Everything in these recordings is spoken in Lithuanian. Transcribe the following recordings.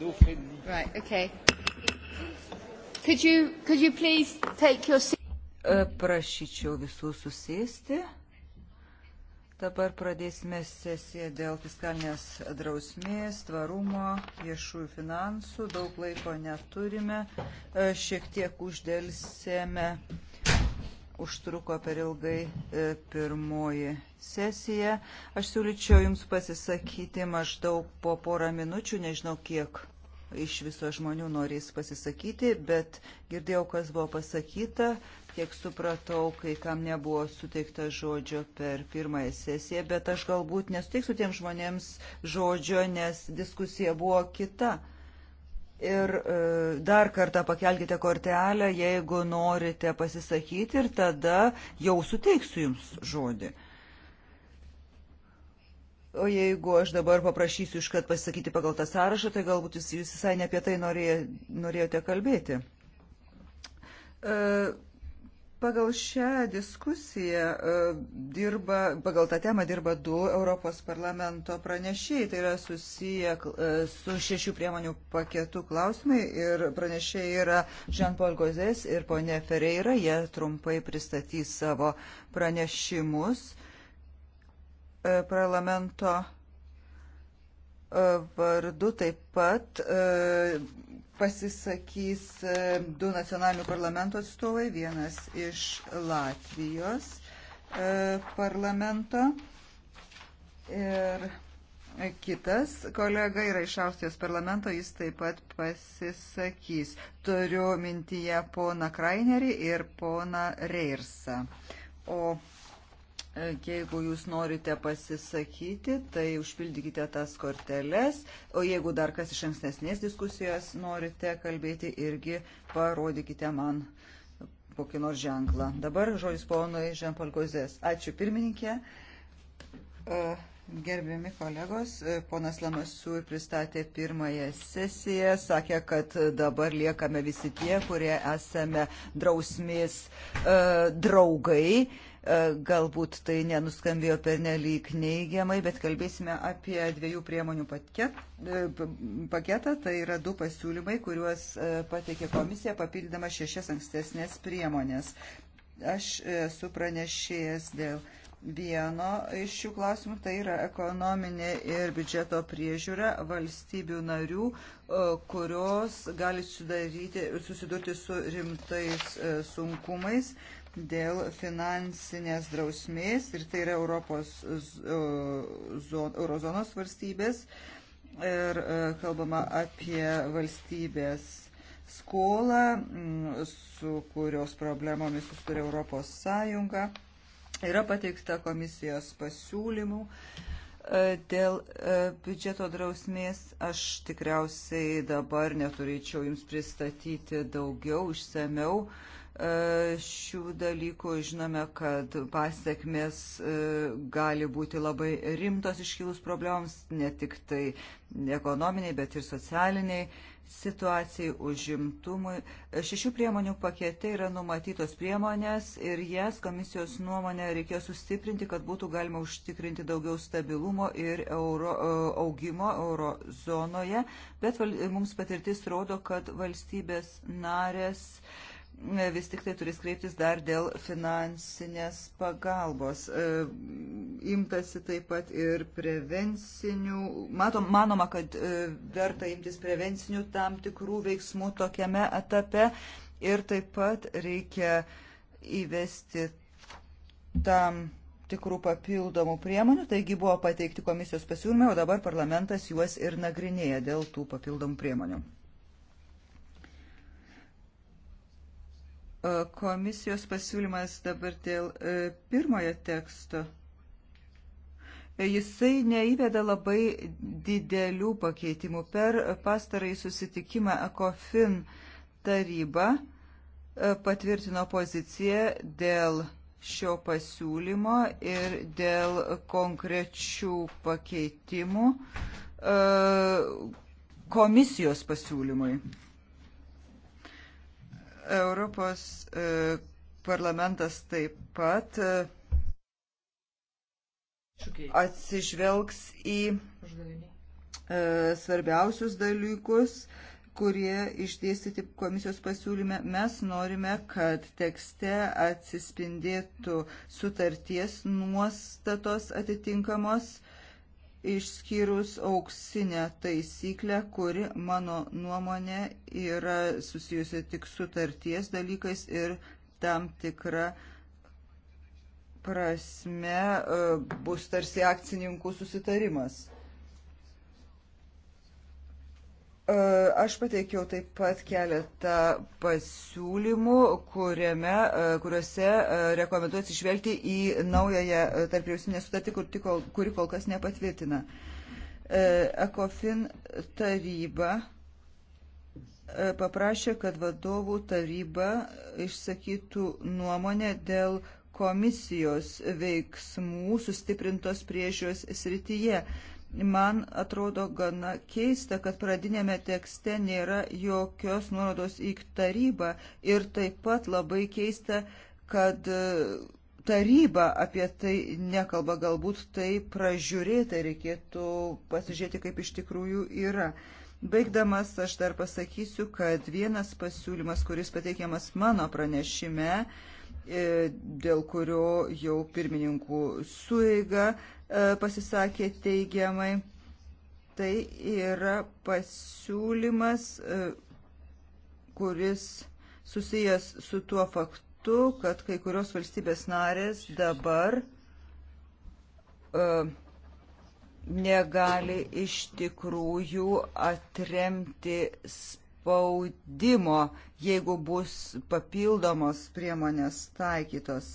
no friendly. Right, okay. Could you, could you please take your seat? E, prašyčiau visų susėsti. Dabar pradėsime sesiją dėl fiskalinės drausmės, tvarumo, viešųjų finansų. Daug laiko neturime. E, šiek tiek uždėlsėme užtruko per ilgai e, pirmoji sesija. Aš siūlyčiau Jums pasisakyti maždaug po porą minučių, nežinau kiek iš viso žmonių norės pasisakyti, bet girdėjau, kas buvo pasakyta, kiek supratau, kai kam nebuvo suteikta žodžio per pirmąją sesiją, bet aš galbūt nesuteiksiu tiem žmonėms žodžio, nes diskusija buvo kita. Ir e, dar kartą pakelkite kortelę, jeigu norite pasisakyti ir tada jau suteiksiu jums žodį. O jeigu aš dabar paprašysiu iškart pasisakyti pagal tą sąrašą, tai galbūt jūs, jūs visai ne apie tai norėjote kalbėti. E, Pagal šią diskusiją e, dirba, pagal tą temą dirba du Europos parlamento pranešėjai, tai yra susiję e, su šešių priemonių paketų klausimai ir pranešėjai yra Jean-Paul Gozės ir ponė Ferreira, jie trumpai pristatys savo pranešimus e, parlamento E, vardu taip pat e, pasisakys e, du nacionalinių parlamento atstovai, vienas iš Latvijos parlamento ir kitas kolega yra iš Austrijos parlamento, jis taip pat pasisakys. Turiu mintyje poną Krainerį ir poną Reirsą. O Jeigu jūs norite pasisakyti, tai užpildykite tas korteles, o jeigu dar kas iš ankstesnės diskusijos norite kalbėti, irgi parodykite man kokį nors ženklą. Dabar žodis ponui Žempol Gozės. Ačiū pirmininkė. E, gerbiami kolegos, e, ponas Lamasų pristatė pirmąją sesiją, sakė, kad dabar liekame visi tie, kurie esame drausmės e, draugai E, galbūt tai nenuskambėjo pernelyg neigiamai, bet kalbėsime apie dviejų priemonių paket, e, paketą. Tai yra du pasiūlymai, kuriuos e, pateikė komisija papildama šešias ankstesnės priemonės. Aš esu pranešėjęs dėl vieno iš šių klausimų, tai yra ekonominė ir biudžeto priežiūra valstybių narių, kurios gali sudaryti, susidurti su rimtais sunkumais dėl finansinės drausmės ir tai yra Europos eurozonos valstybės ir e, kalbama apie valstybės skolą, su kurios problemomis susiduria Europos Sąjunga. Yra pateikta komisijos pasiūlymų. E, dėl e, biudžeto drausmės aš tikriausiai dabar neturėčiau jums pristatyti daugiau, išsameu. Uh, šių dalykų. Žinome, kad pasiekmes e, gali būti labai rimtos iškilus problemams, ne tik tai ekonominiai, bet ir socialiniai situacijai, užimtumui. Šešių priemonių pakete yra numatytos priemonės ir jas komisijos nuomonė reikėjo sustiprinti, kad būtų galima užtikrinti daugiau stabilumo ir euro, e, augimo eurozonoje, bet val, mums patirtis rodo, kad valstybės narės uh, vis tik tai turės kreiptis dar dėl finansinės pagalbos. E, imtasi taip pat ir prevencinių, matom, manoma, kad e, verta imtis prevencinių tam tikrų veiksmų tokiame etape ir taip pat reikia įvesti tam tikrų papildomų priemonių, taigi buvo pateikti komisijos pasiūlymai, o dabar parlamentas juos ir nagrinėja dėl tų papildomų priemonių. E, komisijos pasiūlymas dabar dėl e, pirmojo teksto. E, jisai neįveda labai didelių pakeitimų. Per pastarąjį susitikimą ECOFIN taryba patvirtino poziciją dėl šio pasiūlymo ir dėl konkrečių pakeitimų komisijos pasiūlymui. Europos e, parlamentas taip pat e, atsižvelgs į e, svarbiausius dalykus, kurie išdėstyti komisijos pasiūlyme. Mes norime, kad tekste atsispindėtų sutarties nuostatos atitinkamos išskyrus auksinę taisyklę, kuri mano nuomonė yra susijusi tik sutarties dalykais ir tam tikra prasme e, bus tarsi akcininkų susitarimas. E, aš pateikiau taip pat keletą pasiūlymų, kuriame, e, kuriuose e, rekomenduoju atsižvelgti į naująją tarpjausinę sutartį, kur, kuri kol kas nepatvirtina. Ekofin taryba paprašė, kad vadovų taryba išsakytų nuomonę dėl komisijos veiksmų sustiprintos priežios srityje. Man atrodo gana keista, kad pradinėme tekste nėra jokios nuorodos į tarybą ir taip pat labai keista, kad e, taryba apie tai nekalba, galbūt tai pražiūrėta reikėtų pasižiūrėti, kaip iš tikrųjų yra. Baigdamas aš dar pasakysiu, kad vienas pasiūlymas, kuris pateikiamas mano pranešime, e, dėl kurio jau pirmininkų suiga E, pasisakė teigiamai. Tai yra pasiūlymas, e, kuris susijęs su tuo faktu, kad kai kurios valstybės narės dabar e, negali iš tikrųjų atremti spaudimo, jeigu bus papildomos priemonės taikytos.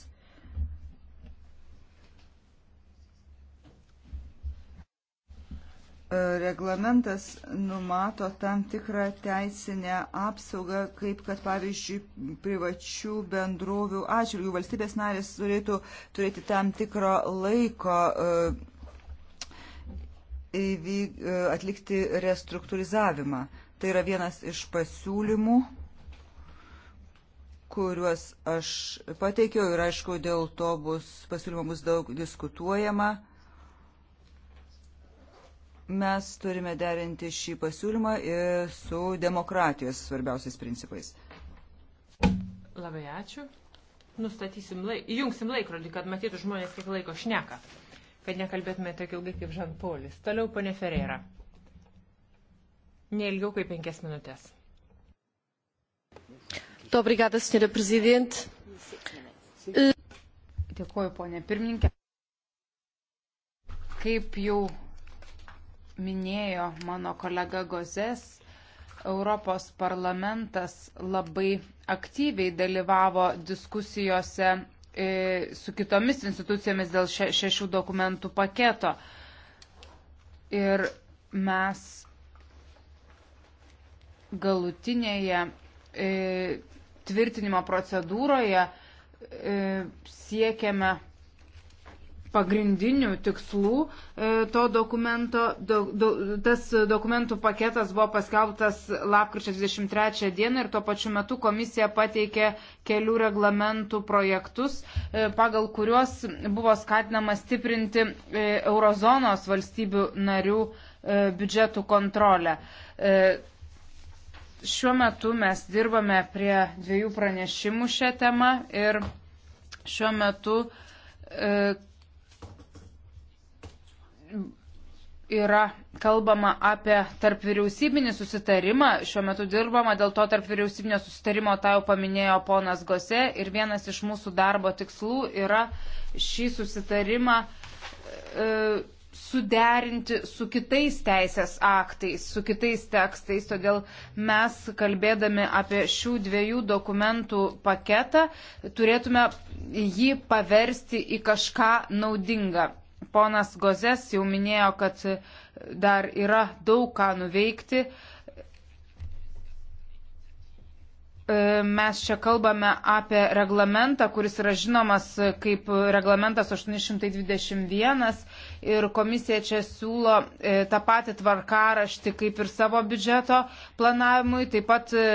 E, reglamentas numato tam tikrą teisinę apsaugą, kaip kad pavyzdžiui privačių bendrovių atžvilgių valstybės narės turėtų turėti tam tikro laiko e, e, atlikti restruktūrizavimą. Tai yra vienas iš pasiūlymų, kuriuos aš pateikiau ir aišku, dėl to bus pasiūlymo bus daug diskutuojama. Mes turime derinti šį pasiūlymą su demokratijos svarbiausiais principais. Labai ačiū. Nustatysim laiką, įjungsim laikrodį, kad matytų žmonės, kiek laiko šneka, kad nekalbėtume tiek ilgai kaip Žan Polis. Toliau ponė Ferreira. Neilgiau kaip penkias minutės. Obrigada, senhora Presidente. Dėkuoju, ponė pirmininkė. Kaip jau minėjo mano kolega Gozes, Europos parlamentas labai aktyviai dalyvavo diskusijose e, su kitomis institucijomis dėl šešių dokumentų paketo. Ir mes galutinėje e, tvirtinimo procedūroje e, siekiame pagrindinių tikslų e, to dokumento. Do, do, tas dokumentų paketas buvo paskelbtas lapkričio 23 dieną ir tuo pačiu metu komisija pateikė kelių reglamentų projektus, e, pagal kuriuos buvo skatinama stiprinti e, eurozonos valstybių narių biudžetų kontrolę. Šiuo metu mes dirbame prie dviejų pranešimų šią temą ir šiuo metu yra kalbama apie tarp vyriausybinį susitarimą, šiuo metu dirbama dėl to tarp vyriausybinio susitarimo, tą jau paminėjo ponas Gose, ir vienas iš mūsų darbo tikslų yra šį susitarimą e, suderinti su kitais teisės aktais, su kitais tekstais, todėl mes kalbėdami apie šių dviejų dokumentų paketą turėtume jį paversti į kažką naudingą. Ponas Gozes jau minėjo, kad dar yra daug ką nuveikti. E, mes čia kalbame apie reglamentą, kuris yra žinomas kaip reglamentas 821 ir komisija čia siūlo e, tą patį tvarkaraštį kaip ir savo biudžeto planavimui. Taip pat e,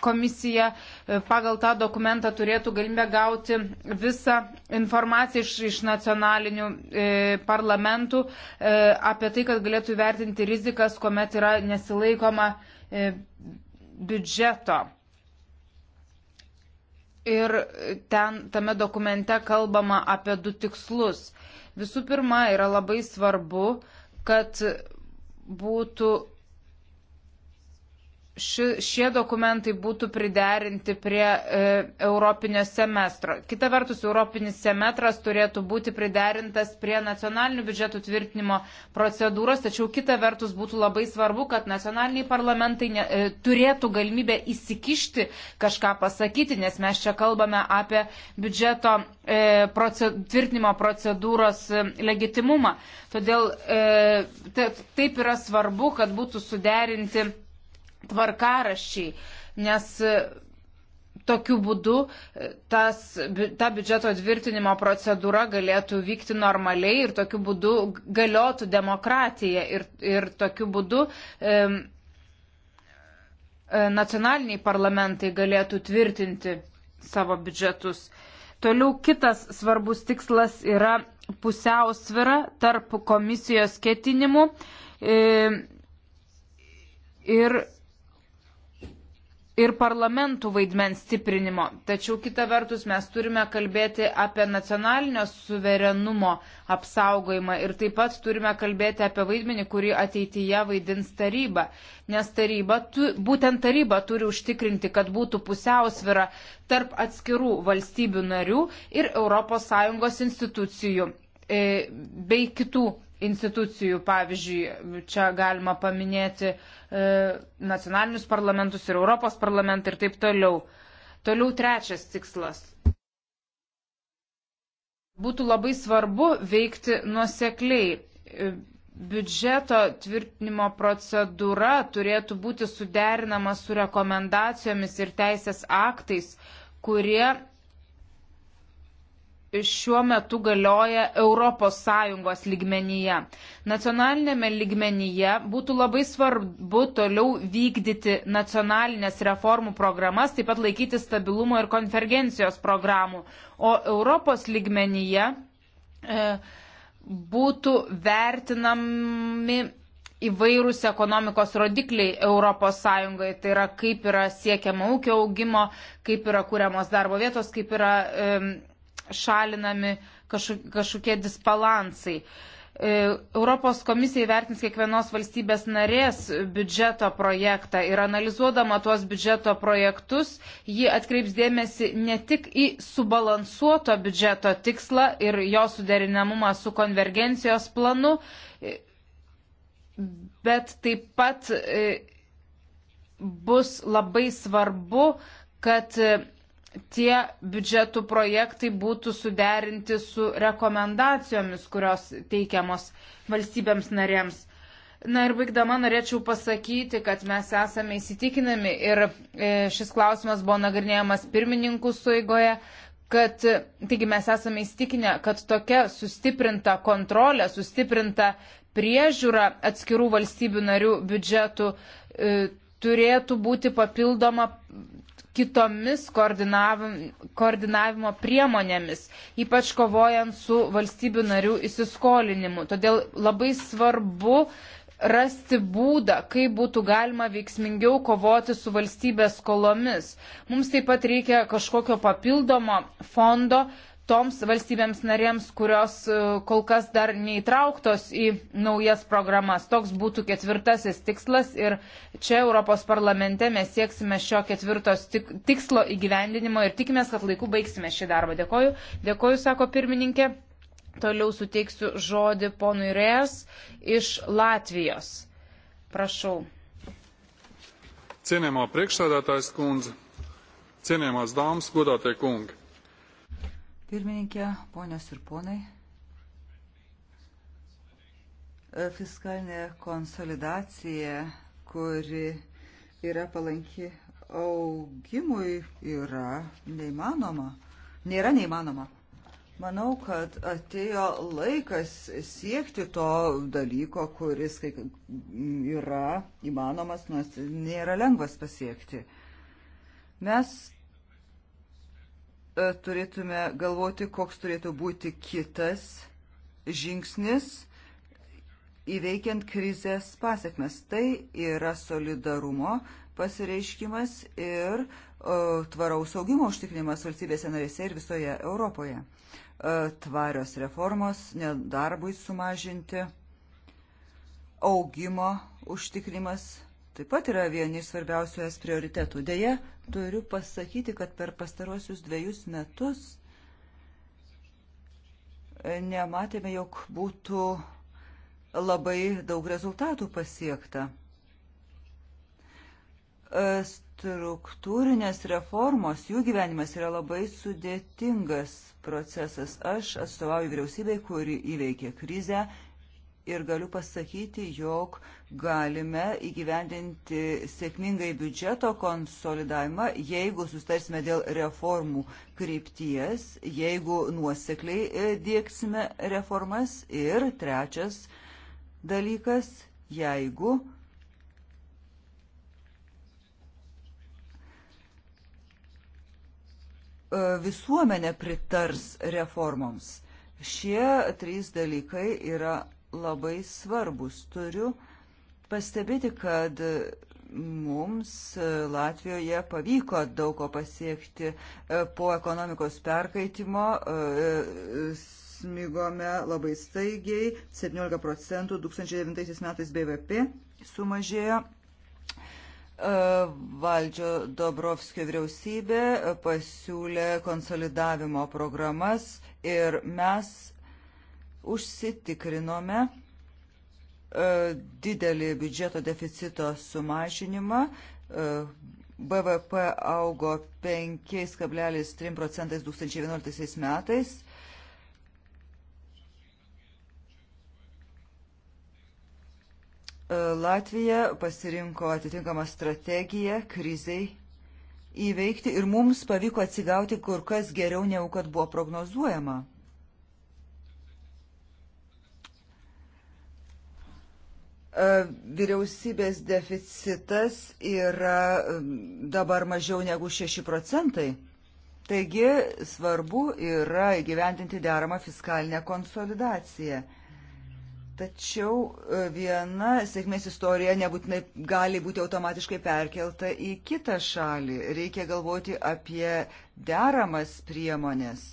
komisija e, pagal tą dokumentą turėtų galimybę gauti visą informaciją iš, iš nacionalinių e, parlamentų e, apie tai, kad galėtų įvertinti rizikas, kuomet yra nesilaikoma e, biudžeto. Ir ten tame dokumente kalbama apie du tikslus. Visų pirma, yra labai svarbu, kad būtų ši, šie dokumentai būtų priderinti prie e, Europinio semestro. Kita vertus, Europinis semestras turėtų būti priderintas prie nacionalinių biudžetų tvirtinimo procedūros, tačiau kita vertus būtų labai svarbu, kad nacionaliniai parlamentai ne, e, turėtų galimybę įsikišti kažką pasakyti, nes mes čia kalbame apie biudžeto e, proced, tvirtinimo procedūros e, legitimumą. Todėl e, taip yra svarbu, kad būtų suderinti tvarkaraščiai, nes e, tokiu būdu e, tas, ta biudžeto tvirtinimo procedūra galėtų vykti normaliai ir tokiu būdu galiotų demokratija ir, ir tokiu būdu e, nacionaliniai parlamentai galėtų tvirtinti savo biudžetus. Toliau kitas svarbus tikslas yra pusiausvira tarp komisijos ketinimų e, ir ir parlamentų vaidmens stiprinimo. Tačiau kita vertus mes turime kalbėti apie nacionalinio suverenumo apsaugojimą ir taip pat turime kalbėti apie vaidmenį, kurį ateityje vaidins taryba. Nes taryba, tu, būtent taryba turi užtikrinti, kad būtų pusiausvira tarp atskirų valstybių narių ir ES institucijų e, bei kitų institucijų, pavyzdžiui, čia galima paminėti e, nacionalinius parlamentus ir Europos parlamentą ir taip toliau. Toliau trečias tikslas. Būtų labai svarbu veikti nuosekliai. E, biudžeto tvirtinimo procedūra turėtų būti suderinama su rekomendacijomis ir teisės aktais, kurie šiuo metu galioja ES lygmenyje. Nacionalinėme lygmenyje būtų labai svarbu toliau vykdyti nacionalinės reformų programas, taip pat laikyti stabilumo ir konvergencijos programų. O Europos lygmenyje e, būtų vertinami įvairūs ekonomikos rodikliai ES, tai yra kaip yra siekiama ūkio augimo, kaip yra kūriamos darbo vietos, kaip yra. E, šalinami kažkokie disbalansai. E, Europos komisija įvertins kiekvienos valstybės narės biudžeto projektą ir analizuodama tuos biudžeto projektus, ji atkreips dėmesį ne tik į subalansuoto biudžeto tikslą ir jo suderinamumą su konvergencijos planu, e, bet taip pat e, bus labai svarbu, kad tie biudžetų projektai būtų suderinti su rekomendacijomis, kurios teikiamos valstybėms narėms. Na ir baigdama norėčiau pasakyti, kad mes esame įsitikinami ir e, šis klausimas buvo nagrinėjamas pirmininkų suigoje, kad, taigi mes esame įsitikinę, kad tokia sustiprinta kontrolė, sustiprinta priežiūra atskirų valstybių narių biudžetų e, turėtų būti papildoma kitomis koordinavimo priemonėmis, ypač kovojant su valstybių narių įsiskolinimu. Todėl labai svarbu rasti būdą, kaip būtų galima veiksmingiau kovoti su valstybės skolomis. Mums taip pat reikia kažkokio papildomo fondo, toms valstybėms narėms, kurios e, kol kas dar neįtrauktos į naujas programas. Toks būtų ketvirtasis tikslas ir čia Europos parlamente mes sieksime šio ketvirtos tikslo įgyvendinimo ir tikimės, kad laiku baigsime šį darbą. Dėkoju. Dėkoju, sako pirmininkė. Toliau suteiksiu žodį ponui Rės iš Latvijos. Prašau. Cienėjamo priekšsēdētājs kundze, cienējamās dāmas, godātie kungi. Pirmininkė, ponios ir ponai, e, fiskalinė konsolidacija, kuri yra palanki augimui, yra neįmanoma. Nėra neįmanoma. Manau, kad atėjo laikas siekti to dalyko, kuris yra įmanomas, nors nėra lengvas pasiekti. Mes E, turėtume galvoti, koks turėtų būti kitas žingsnis įveikiant krizės pasiekmes. Tai yra solidarumo pasireiškimas ir e, tvaraus augimo užtikrinimas valstybėse narėse ir visoje Europoje. E, tvarios reformos, nedarbui sumažinti, augimo užtikrimas taip pat yra vieni svarbiausių es prioritetų. Deja, turiu pasakyti, kad per pastarosius dviejus metus e, nematėme, jog būtų labai daug rezultatų pasiekta. E, struktūrinės reformos, jų gyvenimas yra labai sudėtingas procesas. Aš atstovauju vyriausybei, kuri įveikė krizę ir galiu pasakyti, jog uh, galime įgyvendinti sėkmingai biudžeto konsolidavimą, jeigu sustarsime dėl reformų krypties, jeigu nuosekliai e, dėksime reformas. Ir trečias dalykas, jeigu e, visuomenė pritars reformoms. Šie trys dalykai yra labai svarbus. Turiu uh, pastebėti, kad mums e, Latvijoje pavyko daug ko pasiekti e, po ekonomikos perkaitimo. E, smigome labai staigiai, 17 procentų 2009 metais BVP sumažėjo. Valdžio Dobrovskio vyriausybė pasiūlė konsolidavimo programas ir mes užsitikrinome E, didelį biudžeto deficito sumažinimą. E, BVP augo 5,3 procentais 2011 metais. E, Latvija pasirinko atitinkamą strategiją krizai įveikti ir mums pavyko atsigauti kur kas geriau negu kad buvo prognozuojama. E, vyriausybės deficitas yra dabar mažiau negu 6 procentai. Taigi svarbu yra įgyvendinti deramą fiskalinę konsolidaciją. Tačiau e, viena sėkmės istorija nebūtinai gali būti automatiškai perkelta į kitą šalį. Reikia galvoti apie deramas priemonės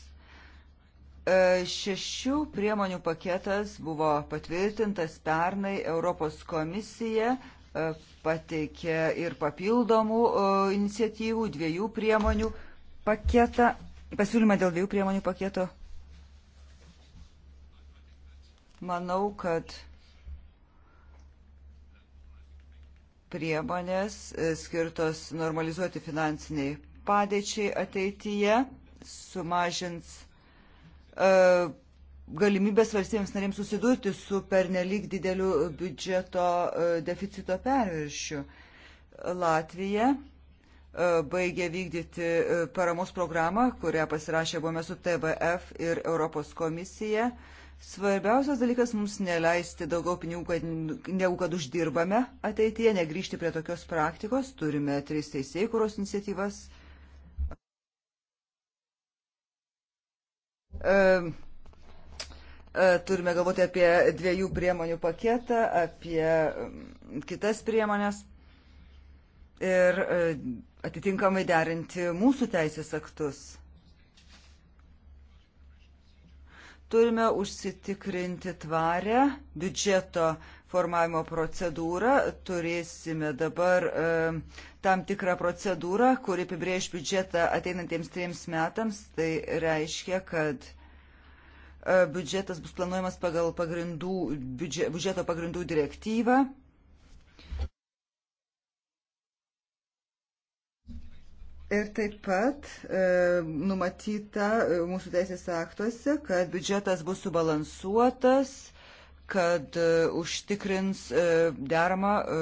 E, šešių priemonių paketas buvo patvirtintas pernai Europos komisija e, pateikė ir papildomų e, iniciatyvų, dviejų priemonių paketą, pasiūlymą dėl dviejų priemonių paketo. Manau, kad priemonės skirtos normalizuoti finansiniai padėčiai ateityje sumažins E, galimybės valstybėms narėms susidurti su pernelyg dideliu biudžeto e, deficito perviršiu. Latvija e, baigė vykdyti paramos programą, kurią pasirašė buvome su TVF ir Europos komisija. Svarbiausias dalykas mums neleisti daugiau pinigų, kad, negu kad uždirbame ateityje, negryžti prie tokios praktikos. Turime tris teisėjų, kurios iniciatyvas E, turime galvoti apie dviejų priemonių paketą, apie kitas priemonės ir e, atitinkamai derinti mūsų teisės aktus. Turime užsitikrinti tvarę biudžeto formavimo procedūrą. Turėsime dabar tam tikrą procedūrą, kuri apibrėž biudžetą ateinantiems triems metams. Tai reiškia, kad e, biudžetas bus planuojamas pagal pagrindų, biudžeto pagrindų direktyvą. Ir taip pat e, numatyta e, mūsų teisės aktuose, kad biudžetas bus subalansuotas, kad e, užtikrins e, deramą e,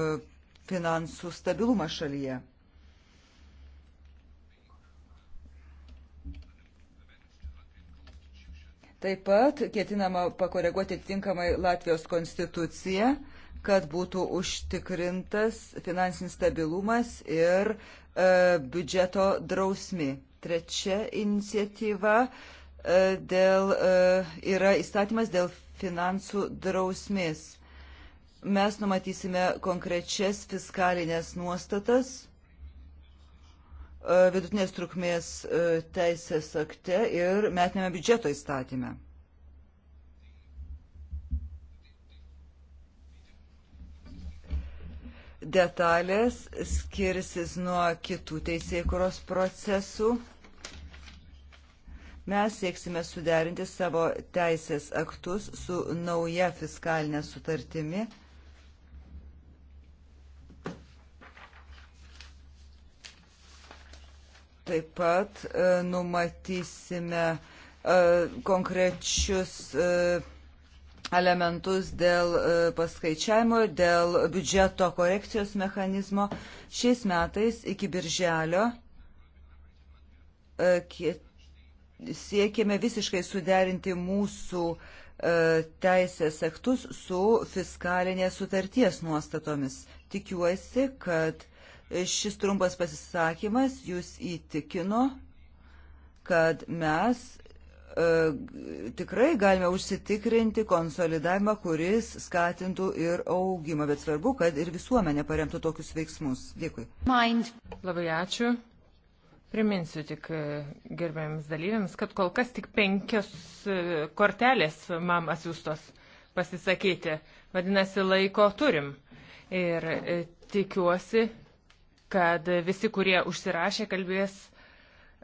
finansų stabilumą šalyje. Taip pat ketinama pakoreguoti tinkamai Latvijos konstituciją, kad būtų užtikrintas finansinis stabilumas ir e, biudžeto drausmi. Trečia iniciatyva e, dėl, e, yra įstatymas dėl finansų drausmės Mes numatysime konkrečias fiskalinės nuostatas e, vidutinės trukmės e, teisės akte ir metinėme biudžeto įstatymę. Detalės skirsis nuo kitų teisėkuros procesų. Mes sieksime suderinti savo teisės aktus su nauja fiskalinė sutartimi Taip pat e, numatysime e, konkrečius e, elementus dėl paskaičiavimo, dėl biudžeto korekcijos mechanizmo. Šiais metais iki birželio siekėme visiškai suderinti mūsų teisės aktus su fiskalinės sutarties nuostatomis. Tikiuosi, kad Šis trumpas pasisakymas jūs įtikino, kad mes e, tikrai galime užsitikrinti konsolidavimą, kuris skatintų ir augimą, bet svarbu, kad ir visuomenė paremtų tokius veiksmus. Dėkui. Mind. Labai ačiū. Priminsiu tik e, gerbėjams dalyviams, kad kol kas tik penkios e, kortelės man atsiūstos pasisakyti. Vadinasi, laiko turim. Ir tikiuosi, kad visi, kurie užsirašė, kalbės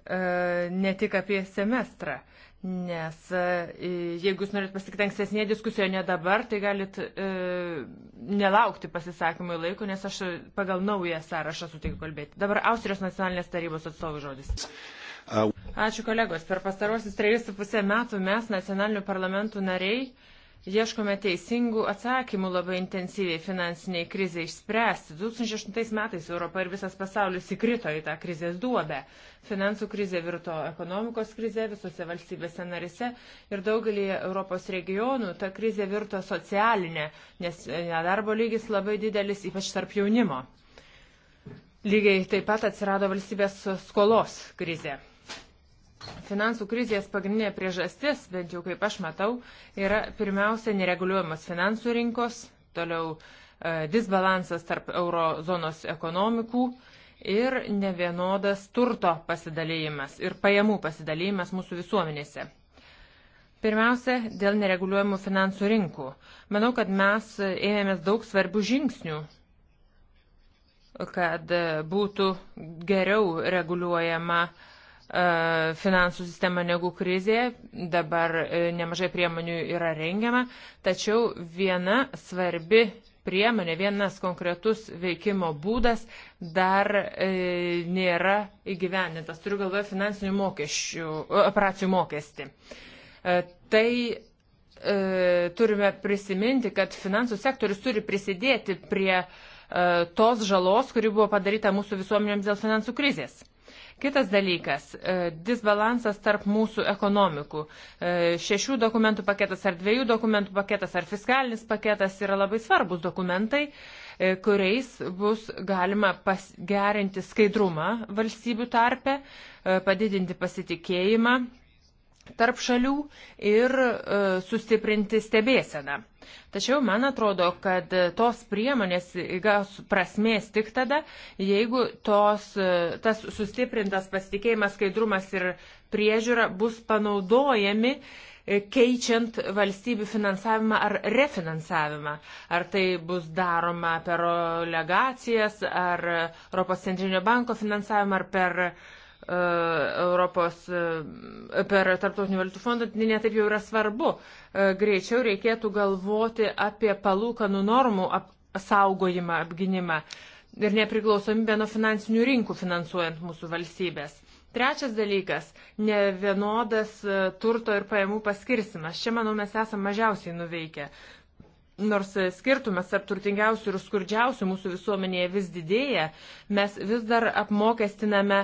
e, ne tik apie semestrą. Nes e, jeigu jūs norit pasitikti ankstesnėje diskusijoje, ne dabar, tai galit e, nelaukti pasisakymui laiko, nes aš pagal naują sąrašą sutinku kalbėti. Dabar Austrijos nacionalinės tarybos atstovų žodis. Ačiū kolegos. Per pastarosius trejus su pusę metų mes, nacionalinių parlamentų nariai, Ieškome teisingų atsakymų labai intensyviai finansiniai krizai išspręsti. 2008 metais Europa ir visas pasaulis įkrito į tą krizės duobę. Finansų krizė virto ekonomikos krizė visose valstybėse narise ir daugelį Europos regionų ta krizė virto socialinė, nes e, nedarbo lygis labai didelis, ypač tarp jaunimo. Lygiai taip pat atsirado valstybės skolos krizė. Finansų krizės pagrindinė priežastis, bent jau kaip aš matau, yra pirmiausia nereguliuojamas finansų rinkos, toliau e, disbalansas tarp eurozonos ekonomikų ir nevienodas turto pasidalėjimas ir pajamų pasidalėjimas mūsų visuomenėse. Pirmiausia, dėl nereguliuojamų finansų rinkų. Manau, kad mes ėmėmės daug svarbių žingsnių, kad būtų geriau reguliuojama uh, E, finansų sistemą negu krizė. Dabar e, nemažai priemonių yra rengiama, tačiau viena svarbi priemonė, vienas konkretus veikimo būdas dar e, nėra įgyvenintas. Turiu galvoje finansinių mokesčių, e, operacijų mokestį. E, tai e, turime prisiminti, kad finansų sektorius turi prisidėti prie e, tos žalos, kuri buvo padaryta mūsų visuomenėms dėl finansų krizės. E, Kitas dalykas e, - disbalansas tarp mūsų ekonomikų. E, šešių dokumentų paketas ar dviejų dokumentų paketas ar fiskalinis paketas yra labai svarbus dokumentai e, kuriais bus galima gerinti skaidrumą valstybių tarpe, padidinti pasitikėjimą tarp šalių ir sustiprinti stebėseną. Tačiau man atrodo, kad tos priemonės įgaus prasmės tik tada, jeigu tos, tas sustiprintas pasitikėjimas, skaidrumas ir priežiūra bus panaudojami e, keičiant valstybių finansavimą ar refinansavimą. Ar tai bus daroma per legacijas, ar Europos centrinio banko finansavimą, ar per uh, E, Europos e, per Tarptautinių valiutų fondą netaip jau yra svarbu. E, greičiau reikėtų galvoti apie palūkanų normų ap saugojimą, apginimą ir nepriklausomybę nuo finansinių rinkų finansuojant mūsų valstybės. Trečias dalykas - nevienodas turto ir pajamų paskirsimas. Čia, manau, mes esame mažiausiai nuveikę. Nors skirtumas tarp turtingiausių ir skurdžiausių mūsų visuomenėje vis didėja, mes vis dar apmokestiname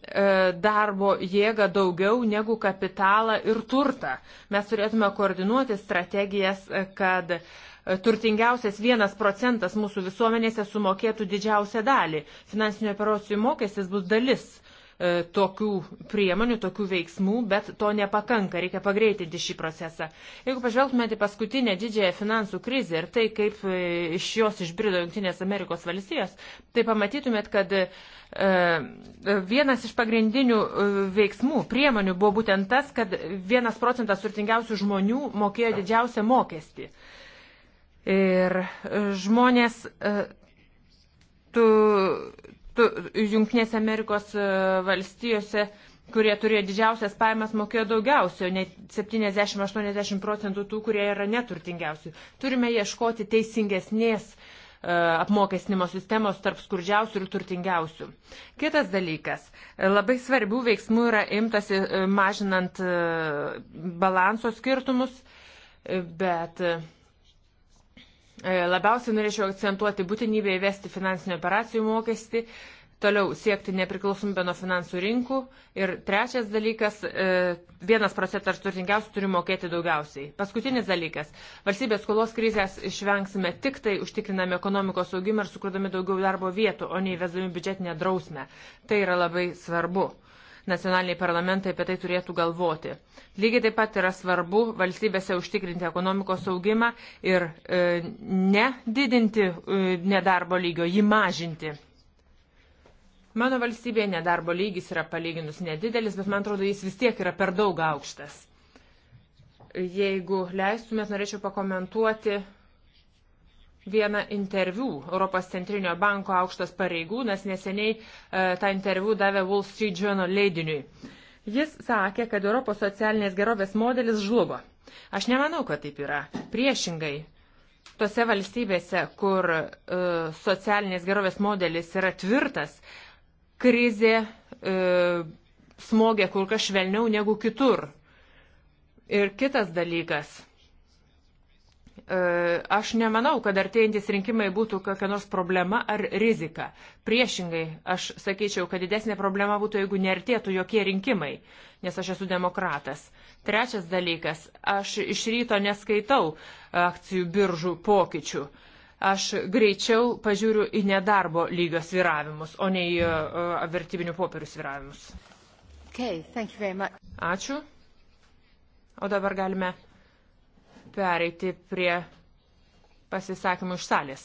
E, darbo jėgą daugiau negu kapitalą ir turtą. Mes turėtume koordinuoti strategijas, e, kad e, turtingiausias vienas procentas mūsų visuomenėse sumokėtų didžiausią dalį. Finansinių operacijų mokestis bus dalis E, tokių priemonių, tokių veiksmų, bet to nepakanka, reikia pagreitinti šį procesą. Jeigu pažvelgtumėte paskutinę didžiąją finansų krizę ir tai, kaip e, iš jos išbrido Junktinės Amerikos valstijos, tai pamatytumėt, kad e, vienas iš pagrindinių veiksmų, priemonių buvo būtent tas, kad vienas procentas turtingiausių žmonių mokėjo didžiausią mokestį. Ir žmonės tu, Junktinės Amerikos e, valstijose, kurie turėjo didžiausias pajamas, mokėjo daugiausiai, net 70-80 procentų tų, kurie yra neturtingiausių. Turime ieškoti teisingesnės e, apmokestinimo sistemos tarp skurdžiausių ir turtingiausių. Kitas dalykas. E, labai svarbių veiksmų yra imtasi mažinant balanso skirtumus, bet E, labiausiai norėčiau akcentuoti būtinybę įvesti finansinių operacijų mokestį, toliau siekti nepriklausomybę nuo finansų rinkų ir trečias dalykas e, - vienas procentas turtingiausių turi mokėti daugiausiai. Paskutinis dalykas - valstybės skolos krizės išvengsime tik tai užtikrinami ekonomikos augimą ir sukurdami daugiau darbo vietų, o ne įvesdami biudžetinę drausmę. Tai yra labai svarbu nacionaliniai parlamentai apie tai turėtų galvoti. Lygiai taip pat yra svarbu valstybėse užtikrinti ekonomikos augimą ir e, nedidinti e, nedarbo lygio, jį mažinti. Mano valstybėje nedarbo lygis yra palyginus nedidelis, bet man atrodo, jis vis tiek yra per daug aukštas. Jeigu leistumėt, norėčiau pakomentuoti vieną interviu. Europos centrinio banko aukštas pareigūnas neseniai e, tą interviu davė Wall Street Journal leidiniui. Jis sakė, kad Europos socialinės gerovės modelis žlugo. Aš nemanau, kad taip yra. Priešingai, tose valstybėse, kur e, socialinės gerovės modelis yra tvirtas, krizė e, smogė kur kas švelniau negu kitur. Ir kitas dalykas E, aš nemanau, kad artėjantis rinkimai būtų kokia nors problema ar rizika. Priešingai, aš sakyčiau, kad didesnė problema būtų, jeigu nertėtų jokie rinkimai, nes aš esu demokratas. Trečias dalykas, aš iš ryto neskaitau akcijų biržų pokyčių aš greičiau pažiūriu į nedarbo lygio sviravimus, o ne į uh, vertybinių popierių sviravimus. Okay, Ačiū. O dabar galime pereiti prie pasisakymų iš salės.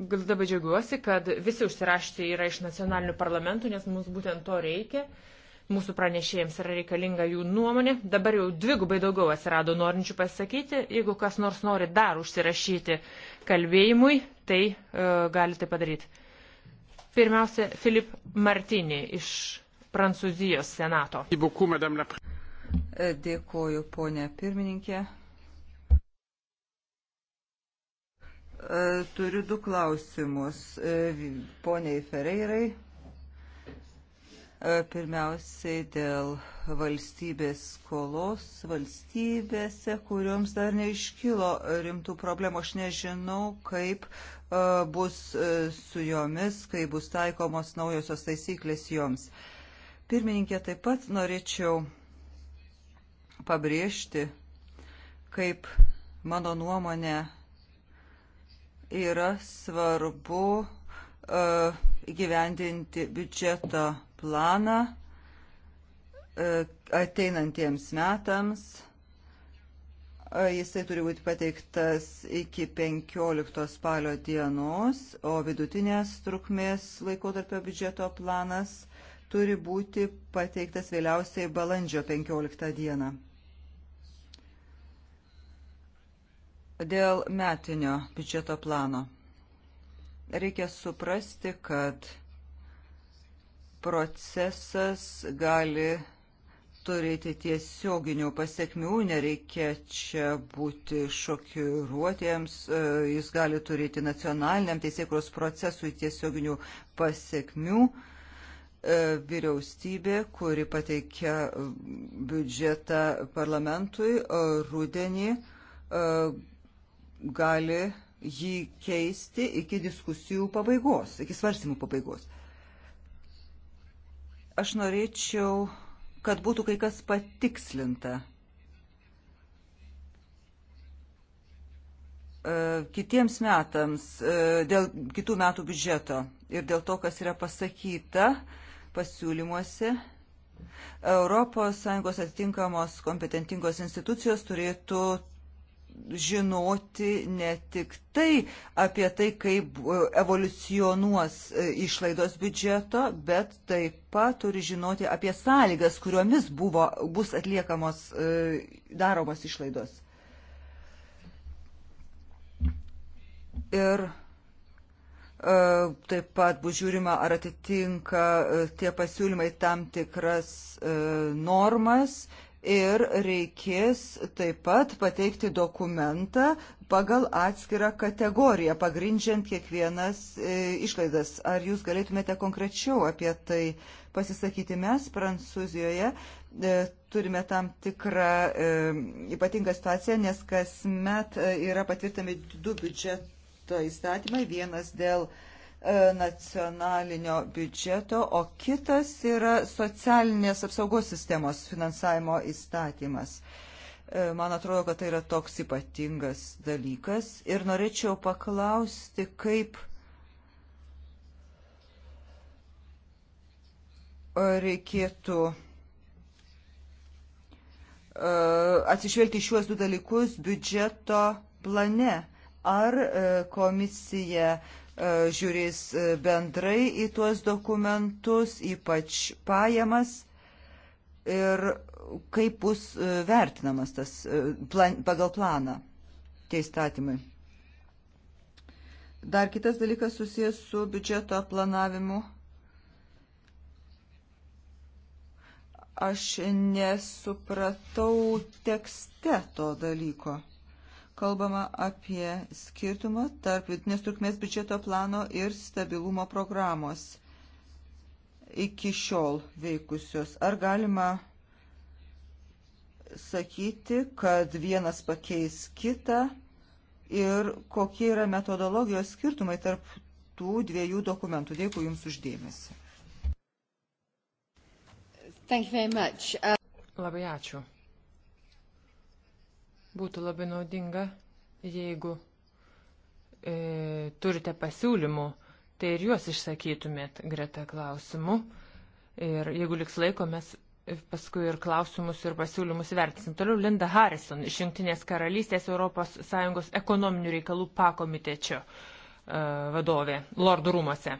Dabar džiaugiuosi, kad visi užsirašyti yra iš nacionalinių parlamentų, nes mums būtent to reikia. Mūsų pranešėjams yra reikalinga jų nuomonė. Dabar jau dvigubai daugiau atsirado norinčių pasakyti. Jeigu kas nors nori dar užsirašyti kalbėjimui, tai e, galite padaryti. Pirmiausia, Filip Martinį iš Prancūzijos senato. Dėkoju, ponė pirmininkė. E, turiu du klausimus e, poniai Ferreirai. E, pirmiausiai dėl valstybės skolos valstybėse, kuriuoms dar neiškilo rimtų problemų. Aš nežinau, kaip bus su jomis, kai bus taikomos naujosios taisyklės joms. Pirmininkė, taip pat norėčiau pabrėžti, kaip mano nuomonė yra svarbu e, įgyvendinti uh, biudžeto planą uh, ateinantiems metams. Uh, jisai turi būti pateiktas iki 15 spalio dienos, o vidutinės trukmės laikotarpio biudžeto planas turi būti pateiktas vėliausiai balandžio 15 dieną. Dėl metinio biudžeto plano. Reikia suprasti, kad procesas gali turėti tiesioginių pasiekmių, nereikia čia būti šokiruotiems, e, jis gali turėti nacionaliniam teisėkros procesui tiesioginių pasiekmių. E, vyriausybė, kuri pateikia biudžetą parlamentui, e, rudenį gali jį keisti iki diskusijų pabaigos, iki svarstymų pabaigos. Aš norėčiau, kad būtų kai kas patikslinta. E, kitiems metams, e, dėl kitų metų biudžeto ir dėl to, kas yra pasakyta pasiūlymuose, ES atitinkamos kompetentingos institucijos turėtų žinoti ne tik tai apie tai, kaip e, evoliucionuos e, išlaidos biudžeto, bet taip pat turi žinoti apie sąlygas, kuriomis buvo, bus atliekamos e, daromos išlaidos. Ir taip pat bus žiūrima, ar atitinka tie pasiūlymai tam tikras normas ir reikės taip pat pateikti dokumentą pagal atskirą kategoriją, pagrindžiant kiekvienas e, išlaidas. Ar jūs galėtumėte konkrečiau apie tai pasisakyti? Mes Prancūzijoje e, turime tam tikrą e, ypatingą situaciją, nes kasmet e, yra patvirtami du biudžeto įstatymai, vienas dėl e, E, nacionalinio biudžeto, o kitas yra socialinės apsaugos sistemos finansavimo įstatymas. E, man atrodo, kad tai yra toks ypatingas dalykas ir norėčiau paklausti, kaip reikėtų e, atsižvelgti šiuos du dalykus biudžeto plane. Ar komisija E, žiūrės e, bendrai į tuos dokumentus, ypač pajamas ir kaip bus e, vertinamas tas plan, pagal planą tie įstatymai. Dar kitas dalykas susijęs su biudžeto planavimu. Aš nesupratau tekste to dalyko kalbama apie skirtumą tarp vidutinės trukmės biudžeto plano ir stabilumo programos iki šiol veikusios. Ar galima sakyti, kad vienas pakeis kitą ir kokie yra metodologijos skirtumai tarp tų dviejų dokumentų. Dėkui Jums uždėmesi. Uh, Labai ačiū. Būtų labai naudinga, jeigu e, turite pasiūlymų, tai ir juos išsakytumėt greta klausimų. Ir jeigu liks laiko, mes paskui ir klausimus, ir pasiūlymus vertinsim. Toliau Linda Harrison iš Junktinės karalystės ES ekonominių reikalų pakomitečio e, vadovė Lordų rūmose.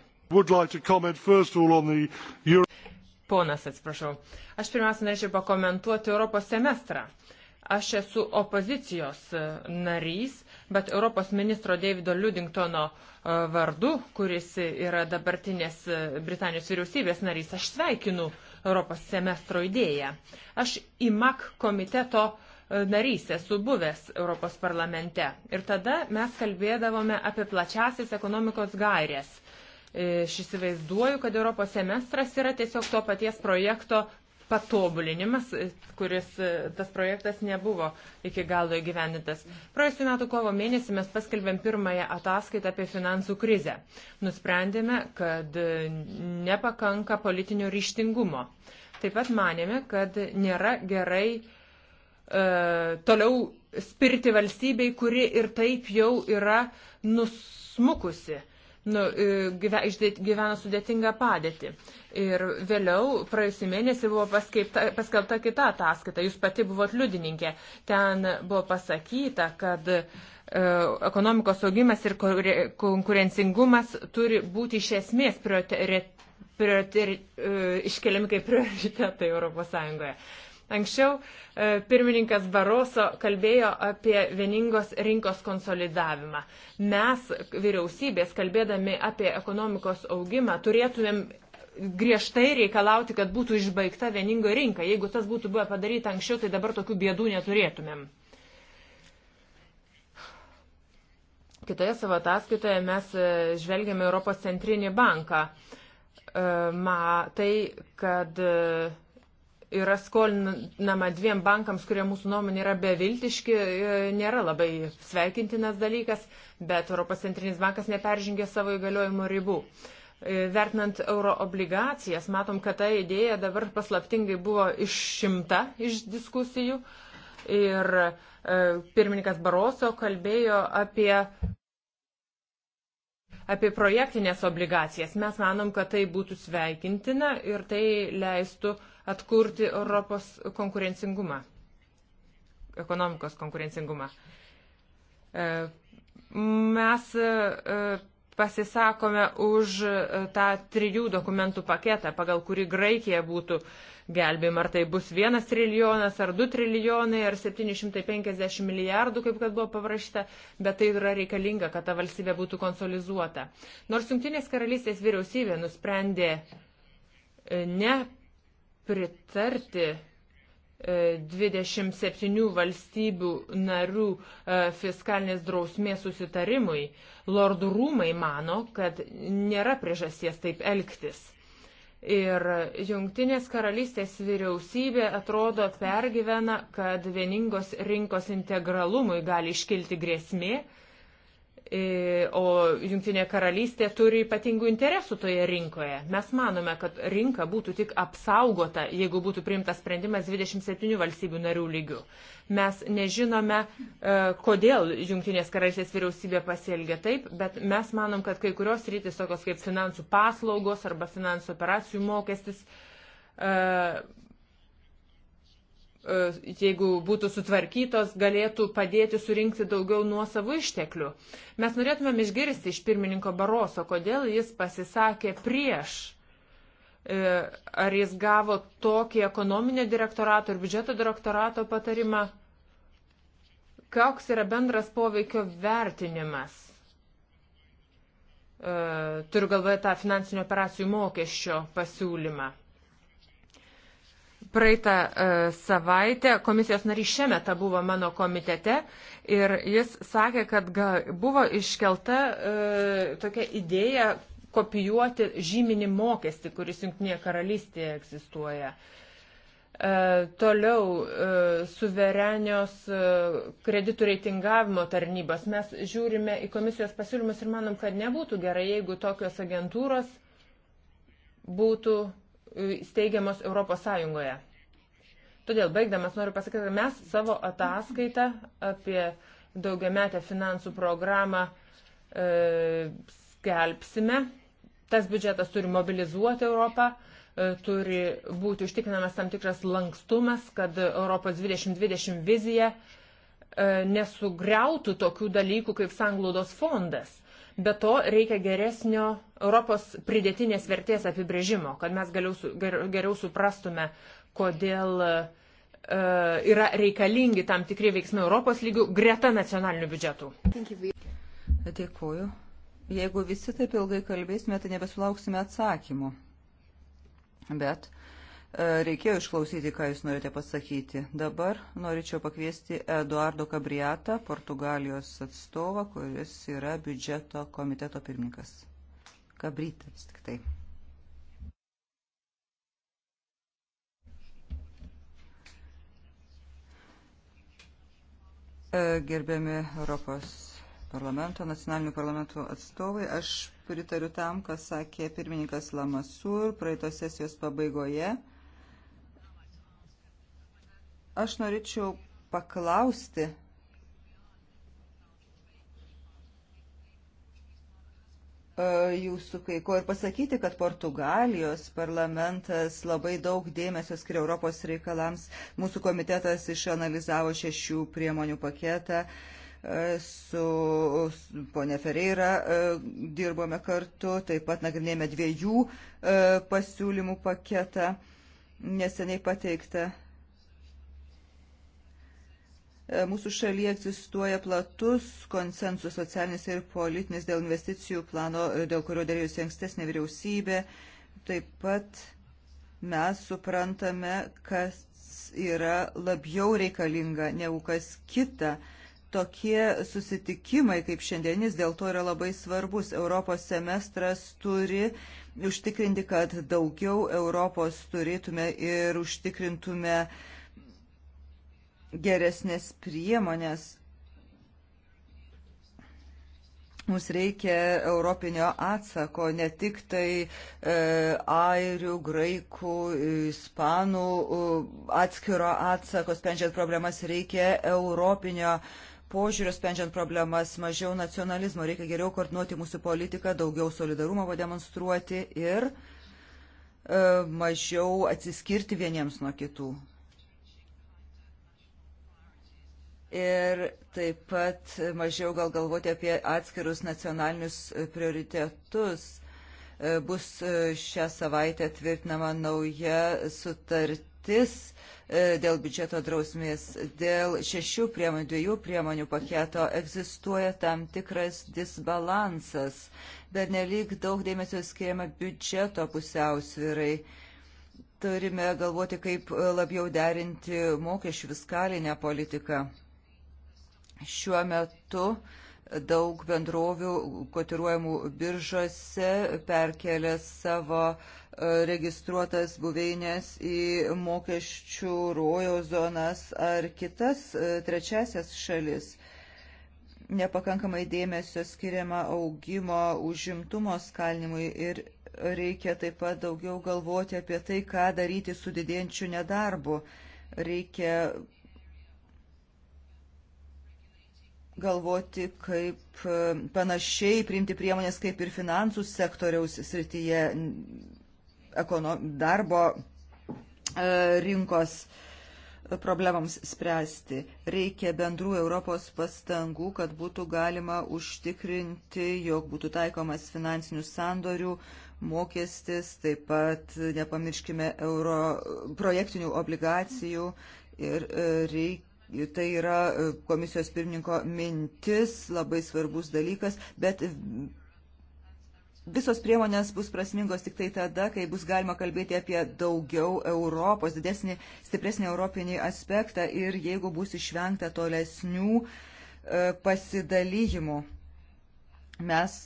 Ponas, atsiprašau. Aš pirmiausia norėčiau pakomentuoti Europos semestrą. Uh, Aš esu opozicijos e, narys, bet Europos ministro Davido Ludingtono e, vardu, kuris yra dabartinės e, Britanijos vyriausybės narys, aš sveikinu Europos semestro idėją. Aš IMAK komiteto uh, narys esu buvęs Europos parlamente. Ir tada mes kalbėdavome apie plačiasis ekonomikos gairės. Aš įsivaizduoju, kad Europos semestras yra tiesiog to paties projekto patobulinimas, kuris e, tas projektas nebuvo iki galo įgyvendintas. Praėjusiu metu kovo mėnesį mes paskelbėm pirmąją ataskaitą apie finansų krizę. Nusprendėme, kad e, nepakanka politinio ryštingumo. Taip pat manėme, kad nėra gerai e, toliau spirti valstybei, kuri ir taip jau yra nusmukusi. E, nu, e, gyvena sudėtingą padėtį. Ir vėliau praėjusį mėnesį buvo paskeipta, paskelbta kita ataskaita, jūs pati buvot liudininkė. Ten buvo pasakyta, kad e, ekonomikos augimas ir konkurencingumas turi būti iš esmės prioritetai priorite, e, iškeliami kaip prioritetai Europos Sąjungoje. Anksčiau e, pirmininkas Baroso kalbėjo apie vieningos rinkos konsolidavimą. Mes, vyriausybės, kalbėdami apie ekonomikos augimą, turėtumėm griežtai reikalauti, kad būtų išbaigta vieninga rinka. Jeigu tas būtų buvę padaryta anksčiau, tai dabar tokių bėdų neturėtumėm. Kitoje savo ataskaitoje mes e, žvelgiame Europos centrinį banką. E, ma, tai, kad yra skolinama dviem bankams, kurie mūsų nuomonė yra beviltiški, e, nėra labai sveikintinas dalykas, bet Europos centrinis bankas neperžingė savo įgaliojimo ribų. E, vertinant euro obligacijas, matom, kad ta idėja dabar paslaptingai buvo iššimta iš diskusijų ir e, pirmininkas Baroso kalbėjo apie apie projektinės obligacijas. Mes manom, kad tai būtų sveikintina ir tai leistų uh, atkurti Europos konkurencingumą, ekonomikos konkurencingumą. E, mes e, pasisakome už e, tą trijų dokumentų paketą, pagal kurį Graikija būtų gelbėjim, ar tai bus vienas trilijonas, ar du trilijonai, ar 750 milijardų, kaip kad buvo pavrašta, bet tai yra reikalinga, kad ta valstybė būtų konsolizuota. Nors Junktinės karalystės vyriausybė nusprendė ne pritarti 27 e, valstybių narių e, fiskalinės drausmės susitarimui, lordų rūmai mano, kad nėra priežasties taip elgtis. Ir Junktinės karalystės vyriausybė atrodo pergyvena, kad vieningos rinkos integralumui gali iškilti grėsmė E, o Junktinė karalystė turi ypatingų interesų toje rinkoje. Mes manome, kad rinka būtų tik apsaugota, jeigu būtų priimtas sprendimas 27 valstybių narių lygių. Mes nežinome, e, kodėl Junktinės karalystės vyriausybė pasielgė taip, bet mes manom, kad kai kurios rytis, tokios kaip finansų paslaugos arba finansų operacijų mokestis, e, E, jeigu būtų sutvarkytos, galėtų padėti surinkti daugiau nuosavų išteklių. Mes norėtumėm išgirsti iš pirmininko Baroso, kodėl jis pasisakė prieš. E, ar jis gavo tokį ekonominio direktorato ir biudžeto direktorato patarimą? Koks yra bendras poveikio vertinimas? E, turiu galvoje tą finansinių operacijų mokesčio pasiūlymą praeitą e, savaitę komisijos narys šiame ta buvo mano komitete ir jis sakė, kad ga, buvo iškelta e, tokia idėja kopijuoti žyminį mokestį, kuris Junktinėje karalystėje egzistuoja. E, toliau suverenios kreditų reitingavimo tarnybos. Mes žiūrime į komisijos pasiūlymus ir manom, kad nebūtų gerai, jeigu tokios agentūros būtų steigiamos Europos Sąjungoje. Todėl, baigdamas, noriu pasakyti, kad mes savo ataskaitą apie daugiametę finansų programą e, skelbsime. Tas biudžetas turi mobilizuoti Europą, e, turi būti užtikrinamas tam tikras lankstumas, kad Europos 2020 vizija e, nesugriautų tokių dalykų kaip sanglaudos fondas. Be to reikia geresnio Europos pridėtinės vertės apibrėžimo, kad mes galiau, geriau suprastume, kodėl e, yra reikalingi tam tikri veiksmai Europos lygių greta nacionalinių biudžetų. Dėkuoju. Jeigu visi taip ilgai kalbėsime, tai nebesulauksime atsakymų. Bet E, reikėjo išklausyti, ką Jūs norite pasakyti. Dabar norėčiau pakviesti Eduardo Kabriatą, Portugalijos atstovą, kuris yra biudžeto komiteto pirmininkas. Kabritas tik tai. E, gerbiami Europos parlamento, nacionalinių parlamentų atstovai. Aš pritariu tam, ką sakė pirmininkas Lamasur praeitos sesijos pabaigoje Aš norėčiau paklausti, e, jūsų kai ko ir pasakyti, kad Portugalijos parlamentas labai daug dėmesio skiria Europos reikalams. Mūsų komitetas išanalizavo šešių priemonių paketą. E, su ponė Ferreira e, dirbome kartu, taip pat nagrinėjome dviejų pasiūlymų paketą neseniai pateiktą E, mūsų šalyje egzistuoja platus konsensus socialinis ir politinis dėl investicijų plano, e, dėl kurio dėrėjusi ankstesnė vyriausybė. Taip pat mes suprantame, kas yra labiau reikalinga negu kas kita tokie susitikimai kaip šiandienis dėl to yra labai svarbus. Europos semestras turi užtikrinti, kad daugiau Europos turėtume ir užtikrintume uh, geresnės priemonės. Mums reikia europinio atsako, ne tik tai e, airių, graikų, ispanų e, atskiro atsako, sprendžiant problemas, reikia europinio požiūrio, sprendžiant problemas, mažiau nacionalizmo, reikia geriau koordinuoti mūsų politiką, daugiau solidarumo demonstruoti ir e, mažiau atsiskirti vieniems nuo kitų. ir taip pat mažiau gal galvoti apie atskirus nacionalinius prioritetus. E, bus e, šią savaitę tvirtinama nauja sutartis e, dėl biudžeto drausmės. Dėl šešių priemonių, dviejų priemonių paketo egzistuoja tam tikras disbalansas. Dar nelik daug dėmesio skiriama biudžeto pusiausvirai turime galvoti, kaip labiau derinti mokesčių fiskalinę politiką. Šiuo metu daug bendrovių kotiruojamų biržose perkelia savo e, registruotas buveinės į mokesčių rojaus zonas ar kitas e, trečiasias šalis nepakankamai dėmesio skiriama augimo užimtumo skalinimui ir reikia taip pat daugiau galvoti apie tai, ką daryti su didėjančiu nedarbu. Reikia galvoti, kaip e, panašiai priimti priemonės kaip ir finansų sektoriaus srityje darbo e, rinkos e, problemams spręsti. Reikia bendrų Europos pastangų, kad būtų galima užtikrinti, jog būtų taikomas finansinių sandorių mokestis, taip pat nepamirškime euro projektinių obligacijų ir reikia Tai yra e, komisijos pirmininko mintis, labai svarbus dalykas, bet e, visos priemonės bus prasmingos tik tai tada, kai bus galima kalbėti apie daugiau Europos, didesnį, stipresnį europinį aspektą ir jeigu bus išvengta tolesnių e, pasidalyjimų. Mes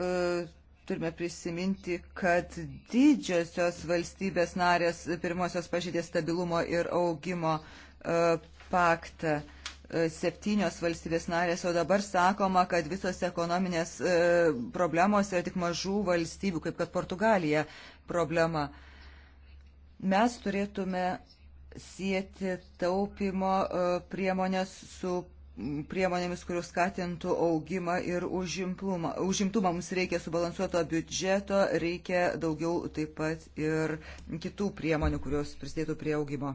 uh, turime prisiminti, kad didžiosios valstybės narės pirmosios pažydė stabilumo ir augimo e, paktą. E, septynios valstybės narės, o dabar sakoma, kad visos ekonominės e, problemos yra tik mažų valstybių, kaip kad Portugalija problema. Mes turėtume sieti taupimo priemonės su priemonėmis, kurios skatintų augimą ir užimtumą. Užimtumą mums reikia subalansuoto biudžeto, reikia daugiau taip pat ir kitų priemonių, kurios prisidėtų prie augimo.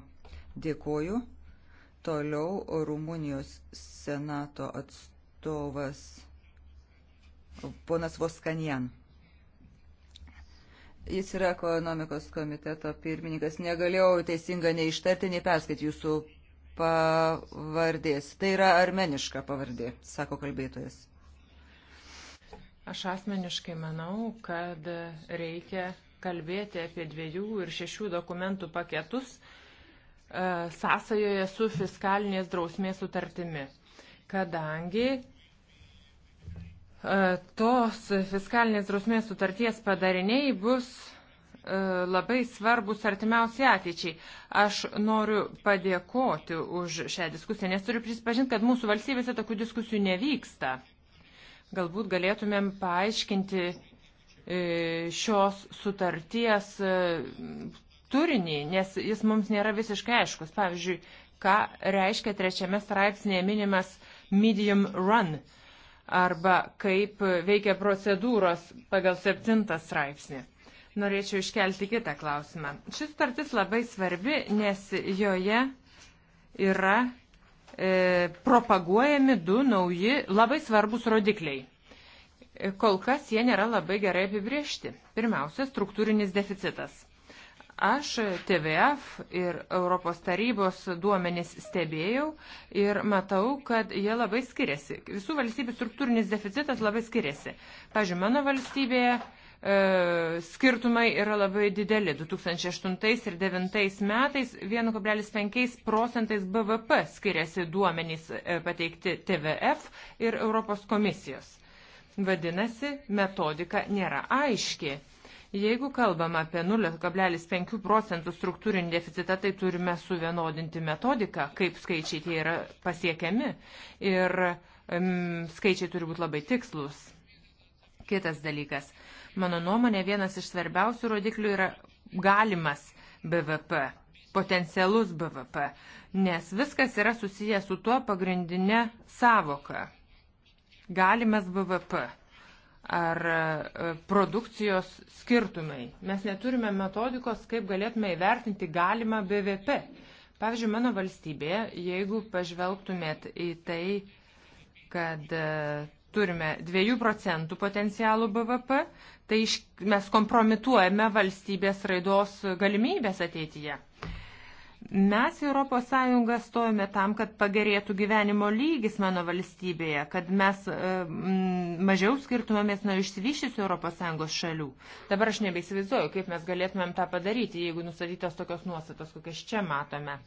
Dėkoju. Toliau Rumunijos senato atstovas ponas Voskanjan. Jis yra ekonomikos komiteto pirmininkas. Negalėjau teisingai nei ištarti, nei perskaityti jūsų pavardės. Tai yra armeniška pavardė, sako kalbėtojas. Aš asmeniškai manau, kad reikia kalbėti apie dviejų ir šešių dokumentų paketus e, sąsajoje su fiskalinės drausmės sutartimi, kadangi e, tos fiskalinės drausmės sutarties padariniai bus E, labai svarbus artimiausiai ateičiai. Aš noriu padėkoti už šią diskusiją, nes turiu prisipažinti, kad mūsų valstybėse tokių diskusijų nevyksta. Galbūt galėtumėm paaiškinti e, šios sutarties e, turinį, nes jis mums nėra visiškai aiškus. Pavyzdžiui, ką reiškia trečiame straipsnėje minimas medium run arba kaip veikia procedūros pagal septintą straipsnį norėčiau iškelti kitą klausimą. Šis sutartis labai svarbi, nes joje yra e, propaguojami du nauji labai svarbus rodikliai. Kol kas jie nėra labai gerai apibriešti. Pirmiausia, struktūrinis deficitas. Aš TVF ir Europos tarybos duomenys stebėjau ir matau, kad jie labai skiriasi. Visų valstybių struktūrinis deficitas labai skiriasi. Pavyzdžiui, mano valstybėje E, skirtumai yra labai dideli. 2008 ir 2009 metais 1,5 procentais BVP skiriasi duomenys e, pateikti TVF ir Europos komisijos. Vadinasi, metodika nėra aiški. Jeigu kalbam apie 0,5 procentų struktūrinį deficitą, tai turime suvienodinti metodiką, kaip skaičiai tie yra pasiekiami. Ir mm, skaičiai turi būti labai tikslus. Kitas dalykas Mano nuomonė, vienas iš svarbiausių rodiklių yra galimas BVP, potencialus BVP, nes viskas yra susijęs su tuo pagrindinė savoka. Galimas BVP ar e, produkcijos skirtumai. Mes neturime metodikos, kaip galėtume įvertinti galimą BVP. Pavyzdžiui, mano valstybėje, jeigu pažvelgtumėt į tai, kad e, turime 2 procentų potencialų BVP, tai iš, mes kompromituojame valstybės raidos galimybės ateityje. Mes ES stojame tam, kad pagerėtų gyvenimo lygis mano valstybėje, kad mes mm, mažiau skirtumėmės nuo išsivyščiusių ES šalių. Dabar aš nebeįsivaizduoju, kaip mes galėtumėm tą padaryti, jeigu nustatytos tokios nuostatos, kokias čia matome.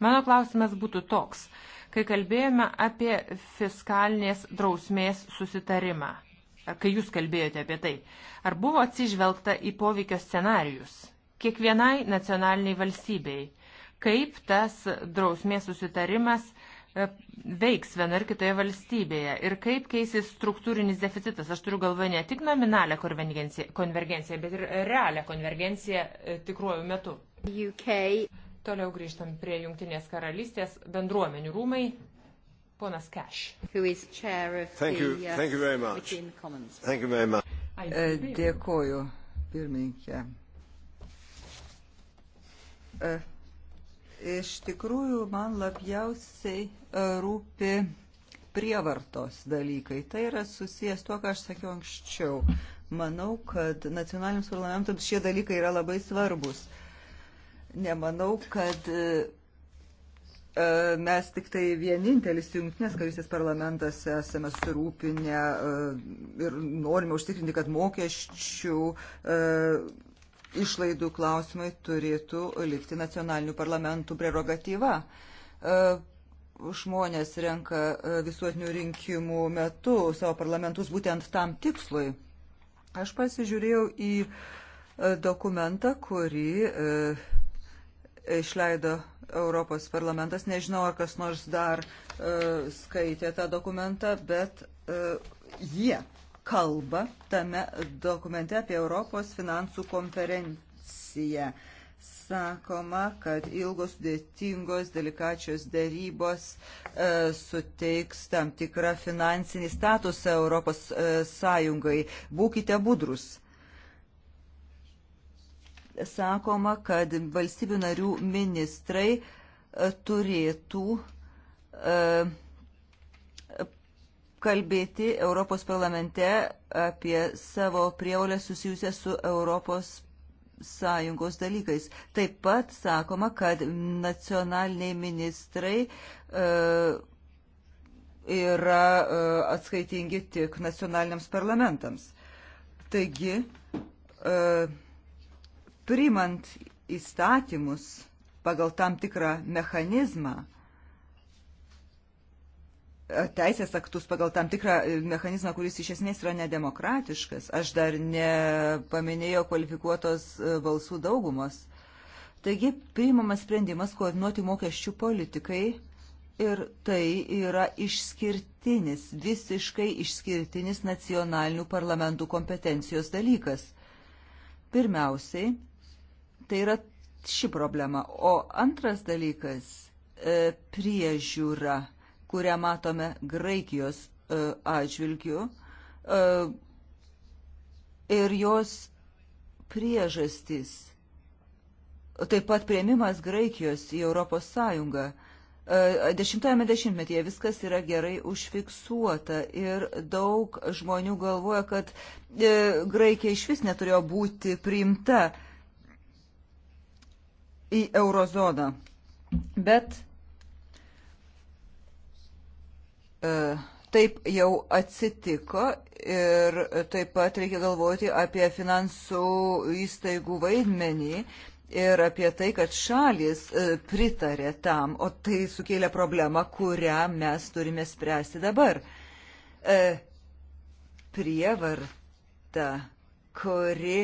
Mano klausimas būtų toks. Uh, kai kalbėjome apie fiskalinės drausmės susitarimą, kai jūs kalbėjote apie tai, ar buvo atsižvelgta į poveikio scenarius kiekvienai nacionaliniai valstybei, kaip tas drausmės susitarimas e, veiks viena ar kitoje valstybėje ir kaip keisis struktūrinis deficitas. Aš turiu galvoje ne tik nominalią konvergenciją, konvergenciją bet ir realią konvergenciją e, tikruoju metu. UK. Toliau grįžtam prie Junktinės karalystės bendruomenių rūmai. Ponas Cash. Thank you. Uh, Thank you very much. Thank you very much. Uh, dėkoju, pirmininkė. Uh, iš tikrųjų, man labiausiai rūpi prievartos dalykai. Tai yra susijęs tuo, ką aš sakiau anksčiau. Manau, kad nacionaliniams parlamentams šie dalykai yra labai svarbus. Uh, nemanau, kad e, e, mes tik tai vienintelis jungtinės karystės parlamentas esame surūpinę e, ir norime užtikrinti, kad mokesčių išlaidų klausimai turėtų likti nacionalinių parlamentų prerogatyva. Žmonės renka visuotinių rinkimų metu savo parlamentus būtent tam tikslui. Aš pasižiūrėjau į dokumentą, kurį išleido Europos parlamentas. Nežinau, ar kas nors dar uh, skaitė tą dokumentą, bet uh, jie kalba tame dokumente apie Europos finansų konferenciją. Sakoma, kad ilgos sudėtingos delikačios dėrybos e, suteiks tam tikrą finansinį statusą Europos e, Sąjungai. Būkite budrus sakoma, kad valstybių narių ministrai e, turėtų e, kalbėti Europos parlamente apie savo prievolę susijusią su Europos sąjungos dalykais. Taip pat sakoma, kad nacionaliniai ministrai e, yra atskaitingi tik nacionaliniams parlamentams. Taigi, Primant įstatymus pagal tam tikrą mechanizmą, e, teisės aktus pagal tam tikrą e, mechanizmą, kuris iš esmės yra nedemokratiškas. Aš dar nepaminėjau kvalifikuotos e, balsų daugumos. Taigi priimamas sprendimas koordinuoti mokesčių politikai ir tai yra išskirtinis, visiškai išskirtinis nacionalinių parlamentų kompetencijos dalykas. Pirmiausiai, Tai yra ši problema. O antras dalykas e, - priežiūra, kurią matome Graikijos e, atžvilgiu e, ir jos priežastys. Taip pat prieimimas Graikijos į Europos Sąjungą. E, dešimtajame dešimtmetyje viskas yra gerai užfiksuota ir daug žmonių galvoja, kad e, Graikija iš vis neturėjo būti priimta į eurozoną. Bet e, taip jau atsitiko ir taip pat reikia galvoti apie finansų įstaigų vaidmenį ir apie tai, kad šalis e, pritarė tam, o tai sukėlė problemą, kurią mes turime spręsti dabar. E, prievarta, kuri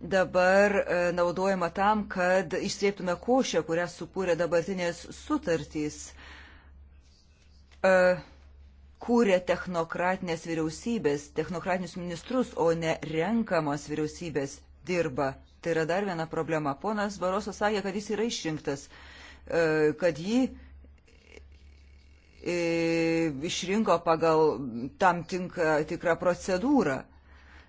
dabar e, naudojama tam, kad išsiektume košę, kurią sukūrė dabartinės sutartys, e, kūrė technokratinės vyriausybės, technokratinius ministrus, o ne renkamos vyriausybės dirba. Tai yra dar viena problema. Ponas Barosas sakė, kad jis yra išrinktas, e, kad jį išrinko pagal tam tinka, tikrą procedūrą.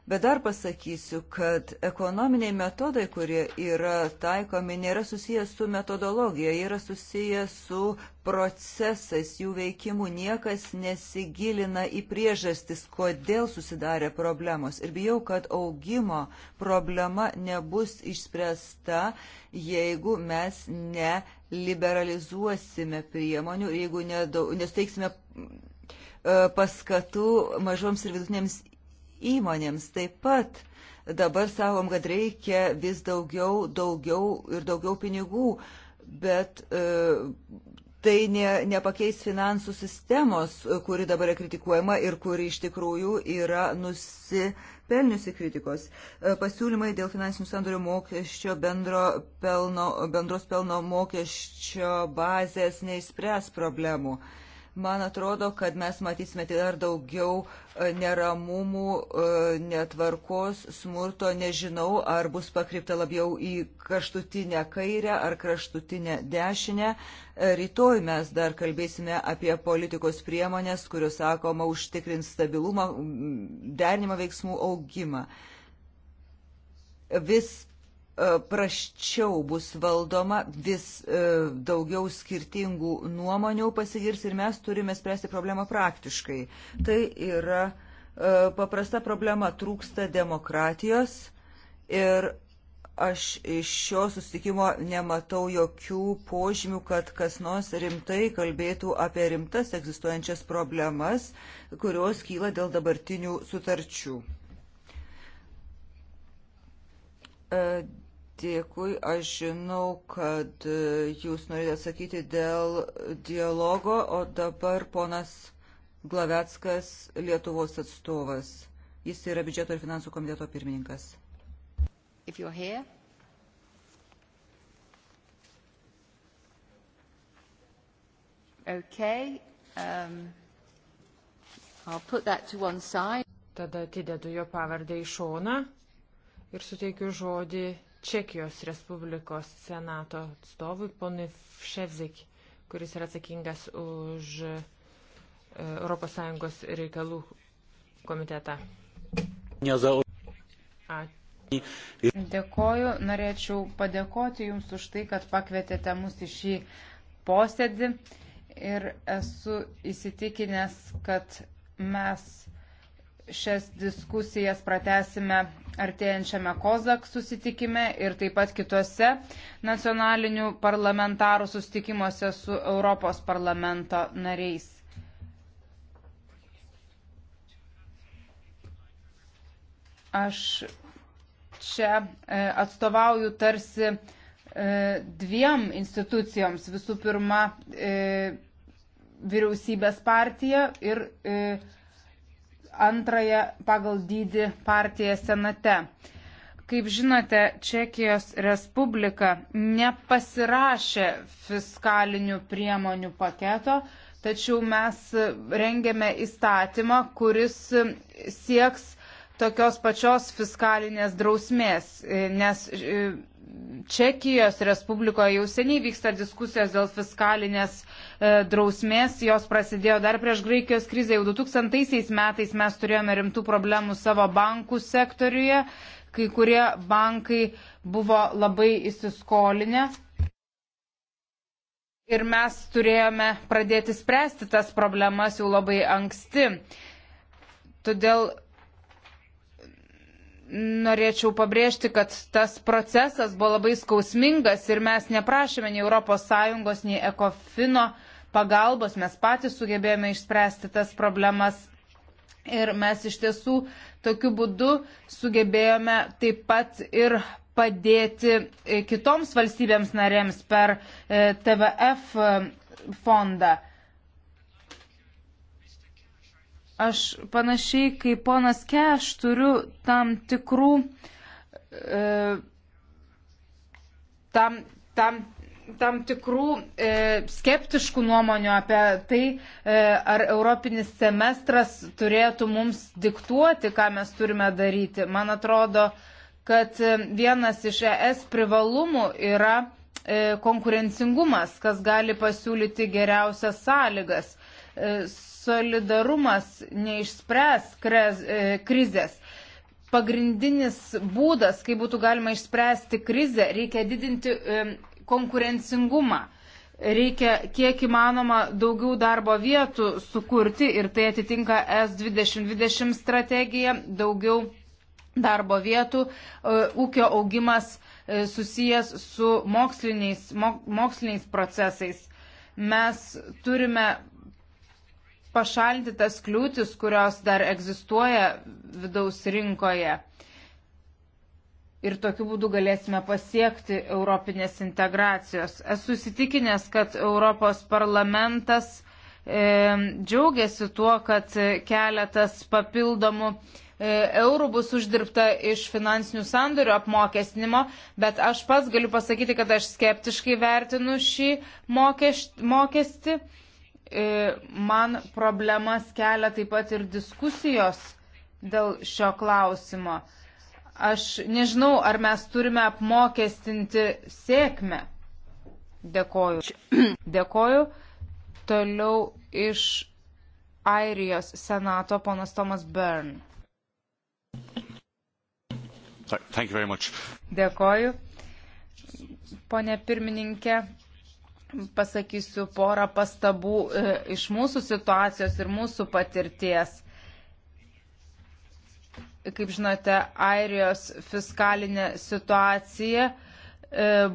Bet dar pasakysiu, kad ekonominiai metodai, kurie yra taikomi, nėra susijęs su metodologija, yra susijęs su procesais, jų veikimu. Niekas nesigilina į priežastis, kodėl susidarė problemos. Ir bijau, kad augimo problema nebus išspręsta, jeigu mes neliberalizuosime priemonių, jeigu nedau, nesuteiksime e, paskatų mažoms ir vidutinėms įmonėms. Taip pat dabar sakom, kad reikia vis daugiau, daugiau ir daugiau pinigų, bet e, tai ne, nepakeis finansų sistemos, kuri dabar yra kritikuojama ir kuri iš tikrųjų yra nusipelniusi kritikos. E, pasiūlymai dėl finansinių sandorių mokesčio bendro pelno, bendros pelno mokesčio bazės neišspręs problemų. E, Man atrodo, kad mes matysime tai dar daugiau e, neramumų, e, netvarkos, smurto. Nežinau, ar bus pakrypta labiau į kraštutinę kairę ar kraštutinę dešinę. E, rytoj mes dar kalbėsime apie politikos priemonės, kurios, sakoma, užtikrins stabilumą, derinimą veiksmų augimą vis E, praščiau bus valdoma, vis e, daugiau skirtingų nuomonių pasigirs ir mes turime spręsti problemą praktiškai. Tai yra e, paprasta problema - trūksta demokratijos ir aš iš šio susitikimo nematau jokių požymių, kad kas nors rimtai kalbėtų apie rimtas egzistuojančias problemas, kurios kyla dėl dabartinių sutarčių Dėkui, aš žinau, kad e, jūs norite atsakyti dėl dialogo, o dabar ponas Glaveckas, Lietuvos atstovas. Jis yra biudžeto ir finansų komiteto pirmininkas. Here... Okay, um, I'll put that to one side. Tada atidedu jo pavardę į šoną ir suteikiu žodį Čekijos Respublikos senato atstovui, ponui Ševzik, kuris yra atsakingas už ES reikalų komitetą. Ačiū. Dėkoju, norėčiau padėkoti Jums už tai, kad pakvietėte mus į šį posėdį ir esu įsitikinęs, kad mes Šias diskusijas pratesime artėjančiame Kozak susitikime ir taip pat kitose nacionalinių parlamentarų susitikimuose su Europos parlamento nariais. Aš čia e, atstovauju tarsi e, dviem institucijoms. Visų pirma, e, vyriausybės partija ir e, antrąją pagal dydį partiją senate. Kaip žinote, Čekijos Respublika nepasirašė fiskalinių priemonių paketo, tačiau mes rengėme įstatymą, kuris sieks tokios pačios fiskalinės drausmės, nes Čekijos Respublikoje jau seniai vyksta diskusijos dėl fiskalinės e, drausmės. Jos prasidėjo dar prieš Graikijos krizę. Jau 2000 metais mes turėjome rimtų problemų savo bankų sektoriuje. Kai kurie bankai buvo labai įsiskolinę. Ir mes turėjome pradėti spręsti tas problemas jau labai anksti. Todėl norėčiau pabrėžti, kad tas procesas buvo labai skausmingas ir mes neprašėme nei ES, nei ECOFINO pagalbos, mes patys sugebėjome išspręsti tas problemas. Ir mes iš tiesų tokiu būdu sugebėjome taip pat ir padėti e, kitoms valstybėms narėms per e, TVF e, fondą. Aš panašiai kaip ponas Keš turiu tam tikrų, e, tam, tam, tam tikrų e, skeptiškų nuomonių apie tai, e, ar europinis semestras turėtų mums diktuoti, ką mes turime daryti. Man atrodo, kad e, vienas iš ES privalumų yra e, konkurencingumas, kas gali pasiūlyti geriausias sąlygas. E, solidarumas neišspręs krez, e, krizės. Pagrindinis būdas, kaip būtų galima išspręsti krizę, reikia didinti e, konkurencingumą. Reikia kiek įmanoma daugiau darbo vietų sukurti ir tai atitinka S2020 strategiją, daugiau darbo vietų, e, ūkio augimas susijęs su moksliniais, moksliniais procesais. Mes turime pašalinti tas kliūtis, kurios dar egzistuoja vidaus rinkoje. Ir tokiu būdu galėsime pasiekti Europinės integracijos. Esu įsitikinęs, kad Europos parlamentas e, džiaugiasi tuo, kad keletas papildomų e, eurų bus uždirbta iš finansinių sandorių apmokestinimo, bet aš pats galiu pasakyti, kad aš skeptiškai vertinu šį mokest, mokestį. mokestį E, man problemas kelia taip pat ir diskusijos dėl šio klausimo. Aš nežinau, ar mes turime apmokestinti sėkmę. Dėkoju. Dėkoju. Toliau iš Airijos senato ponas Tomas Byrne. Dėkoju. Pone pirmininkė, pasakysiu porą pastabų e, iš mūsų situacijos ir mūsų patirties. Kaip žinote, Airijos fiskalinė situacija e,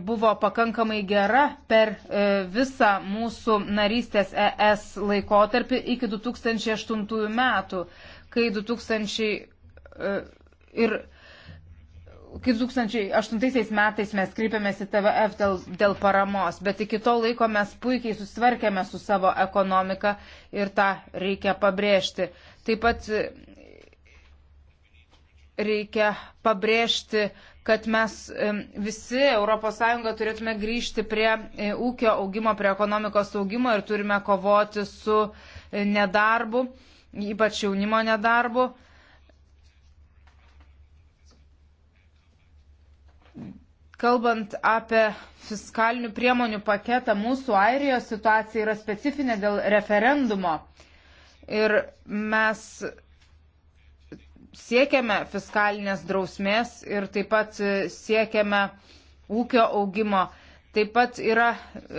buvo pakankamai gera per e, visą mūsų narystės ES laikotarpį iki 2008 metų, kai 2000 ir kai 2008 metais mes kreipėmės į TVF dėl, dėl paramos, bet iki to laiko mes puikiai susitvarkėme su savo ekonomika ir tą reikia pabrėžti. Taip pat reikia pabrėžti, kad mes visi ES turėtume grįžti prie e, ūkio augimo, prie ekonomikos augimo ir turime kovoti su e, nedarbu, ypač jaunimo nedarbu. Kalbant apie fiskalinių priemonių paketą, mūsų Airijos situacija yra specifinė dėl referendumo. Ir mes siekiame fiskalinės drausmės ir taip pat siekiame ūkio augimo. Taip pat yra,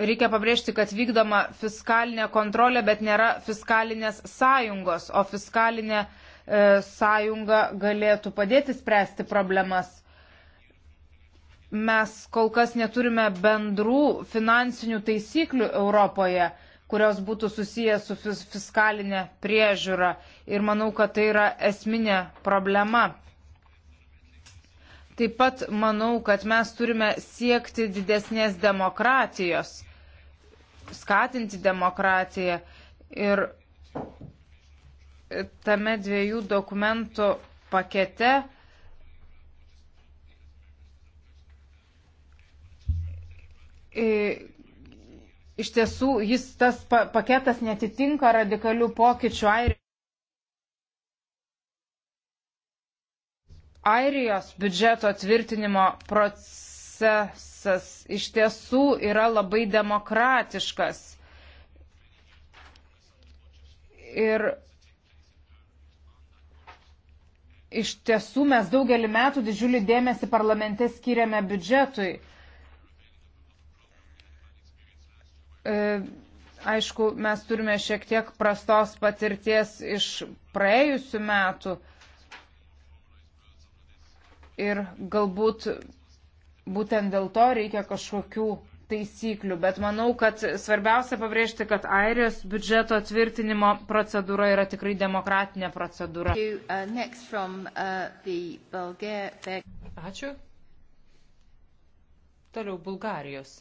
reikia pabrėžti, kad vykdoma fiskalinė kontrolė, bet nėra fiskalinės sąjungos, o fiskalinė e, sąjunga galėtų padėti spręsti problemas mes kol kas neturime bendrų finansinių taisyklių Europoje, kurios būtų susijęs su fiskalinė priežiūra. Ir manau, kad tai yra esminė problema. Taip pat manau, kad mes turime siekti didesnės demokratijos, skatinti demokratiją. Ir tame dviejų dokumentų pakete E, iš tiesų jis tas pa paketas netitinka radikalių pokyčių Airijos. Airijos biudžeto tvirtinimo procesas iš tiesų yra labai demokratiškas. Ir iš tiesų mes daugelį metų didžiulį dėmesį parlamente skiriame biudžetui. E, aišku, mes turime šiek tiek prastos patirties iš praėjusių metų ir galbūt būtent dėl to reikia kažkokių taisyklių, bet manau, kad svarbiausia pabrėžti, kad Airijos biudžeto tvirtinimo procedūra yra tikrai demokratinė procedūra. Uh, uh, Ačiū. Toliau Bulgarijos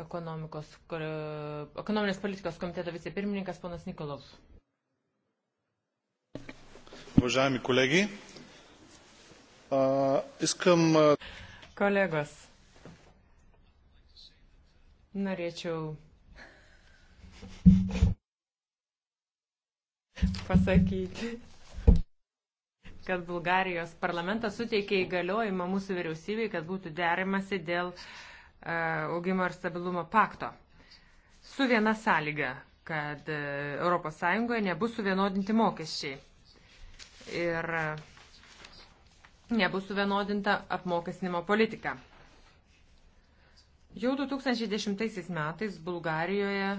ekonominės politikos komiteto vicepirmininkas ponas Nikolov. Уважаеми колеги, а, искам. А... Колегос, norėčiau pasakyti, kad Bulgarijos parlamentas suteikė įgaliojimą mūsų vyriausybei, kad būtų derimasi dėl uh, E, augimo ir stabilumo pakto. Su viena sąlyga, kad ES nebus suvienodinti mokesčiai. Ir e, nebus suvienodinta apmokestinimo politika. Jau 2010 metais Bulgarijoje e,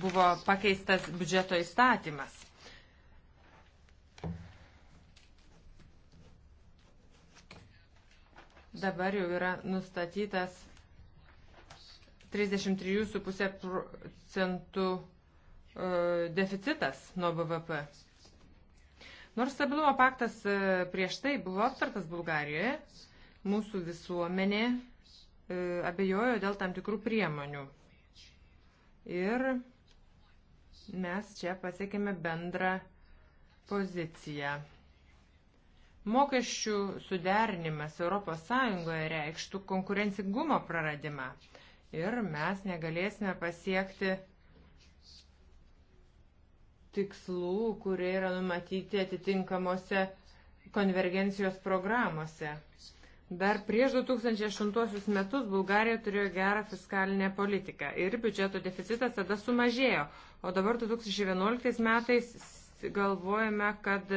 buvo pakeistas biudžeto įstatymas. dabar jau yra nustatytas 33,5 procentų e, deficitas nuo BVP. Nors stabilumo paktas e, prieš tai buvo aptartas Bulgarijoje, mūsų visuomenė e, abejojo dėl tam tikrų priemonių. Ir mes čia pasiekėme bendrą poziciją. Mokesčių suderinimas ES reikštų konkurencingumo praradimą ir mes negalėsime pasiekti tikslų, kurie yra numatyti atitinkamuose konvergencijos programuose. Dar prieš 2008 metus Bulgarija turėjo gerą fiskalinę politiką ir biudžeto deficitas tada sumažėjo, o dabar 2011 metais galvojame, kad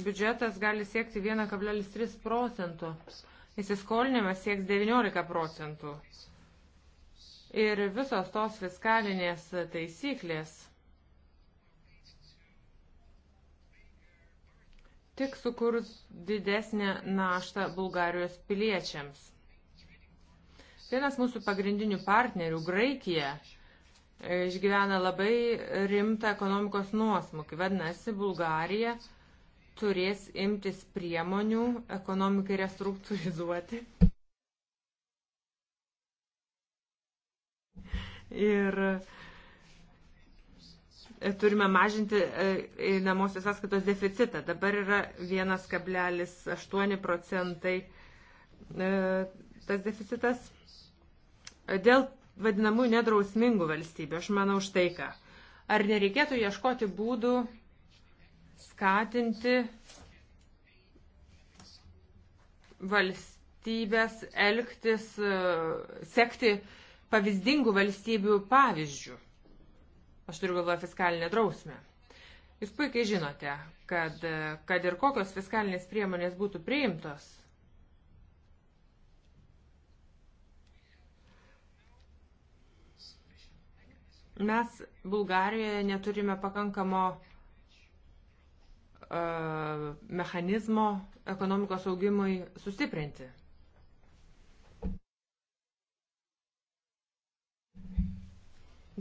biudžetas gali siekti 1,3 procentų, įsiskolinimas sieks 19 procentų. Ir visos tos fiskalinės taisyklės tik sukurs didesnę naštą Bulgarijos piliečiams. Vienas mūsų pagrindinių partnerių, Graikija, išgyvena labai rimtą ekonomikos nuosmukį. Vadinasi, Bulgarija turės imtis priemonių ekonomikai restruktūrizuoti. Ir e, turime mažinti e, namosios sąskaitos deficitą. Dabar yra 1,8 procentai e, tas deficitas. Dėl vadinamų nedrausmingų valstybių, aš manau štai ką. Ar nereikėtų ieškoti būdų skatinti valstybės elgtis, e, sekti pavyzdingų valstybių pavyzdžių. Aš turiu galvoje fiskalinę drausmę. Jūs puikiai žinote, kad, e, kad ir kokios fiskalinės priemonės būtų priimtos, mes Bulgarijoje neturime pakankamo E, mechanizmo ekonomikos augimui sustiprinti.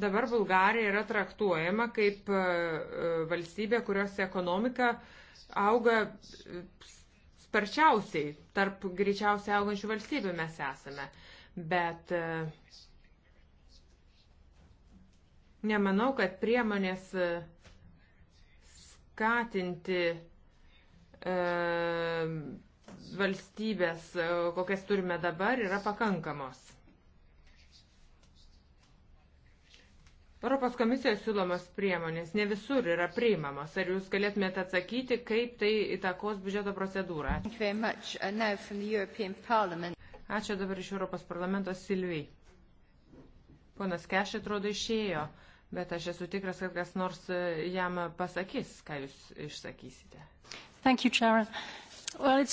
Dabar Bulgarija yra traktuojama kaip e, e, valstybė, kurios ekonomika auga sparčiausiai, tarp greičiausiai augančių valstybių mes esame. Bet nemanau, kad priemonės skatinti e, valstybės, e, kokias turime dabar, yra pakankamos. Europos komisijos siūlomos priemonės ne visur yra priimamos. Ar jūs galėtumėte atsakyti, kaip tai įtakos biudžeto procedūrą? Ačiū dabar iš Europos parlamento Silvijai. Ponas Keš atrodo išėjo. Uh, bet aš esu tikras, kad kas nors e, jam pasakys, ką jūs išsakysite. Thank you, Sharon. Well,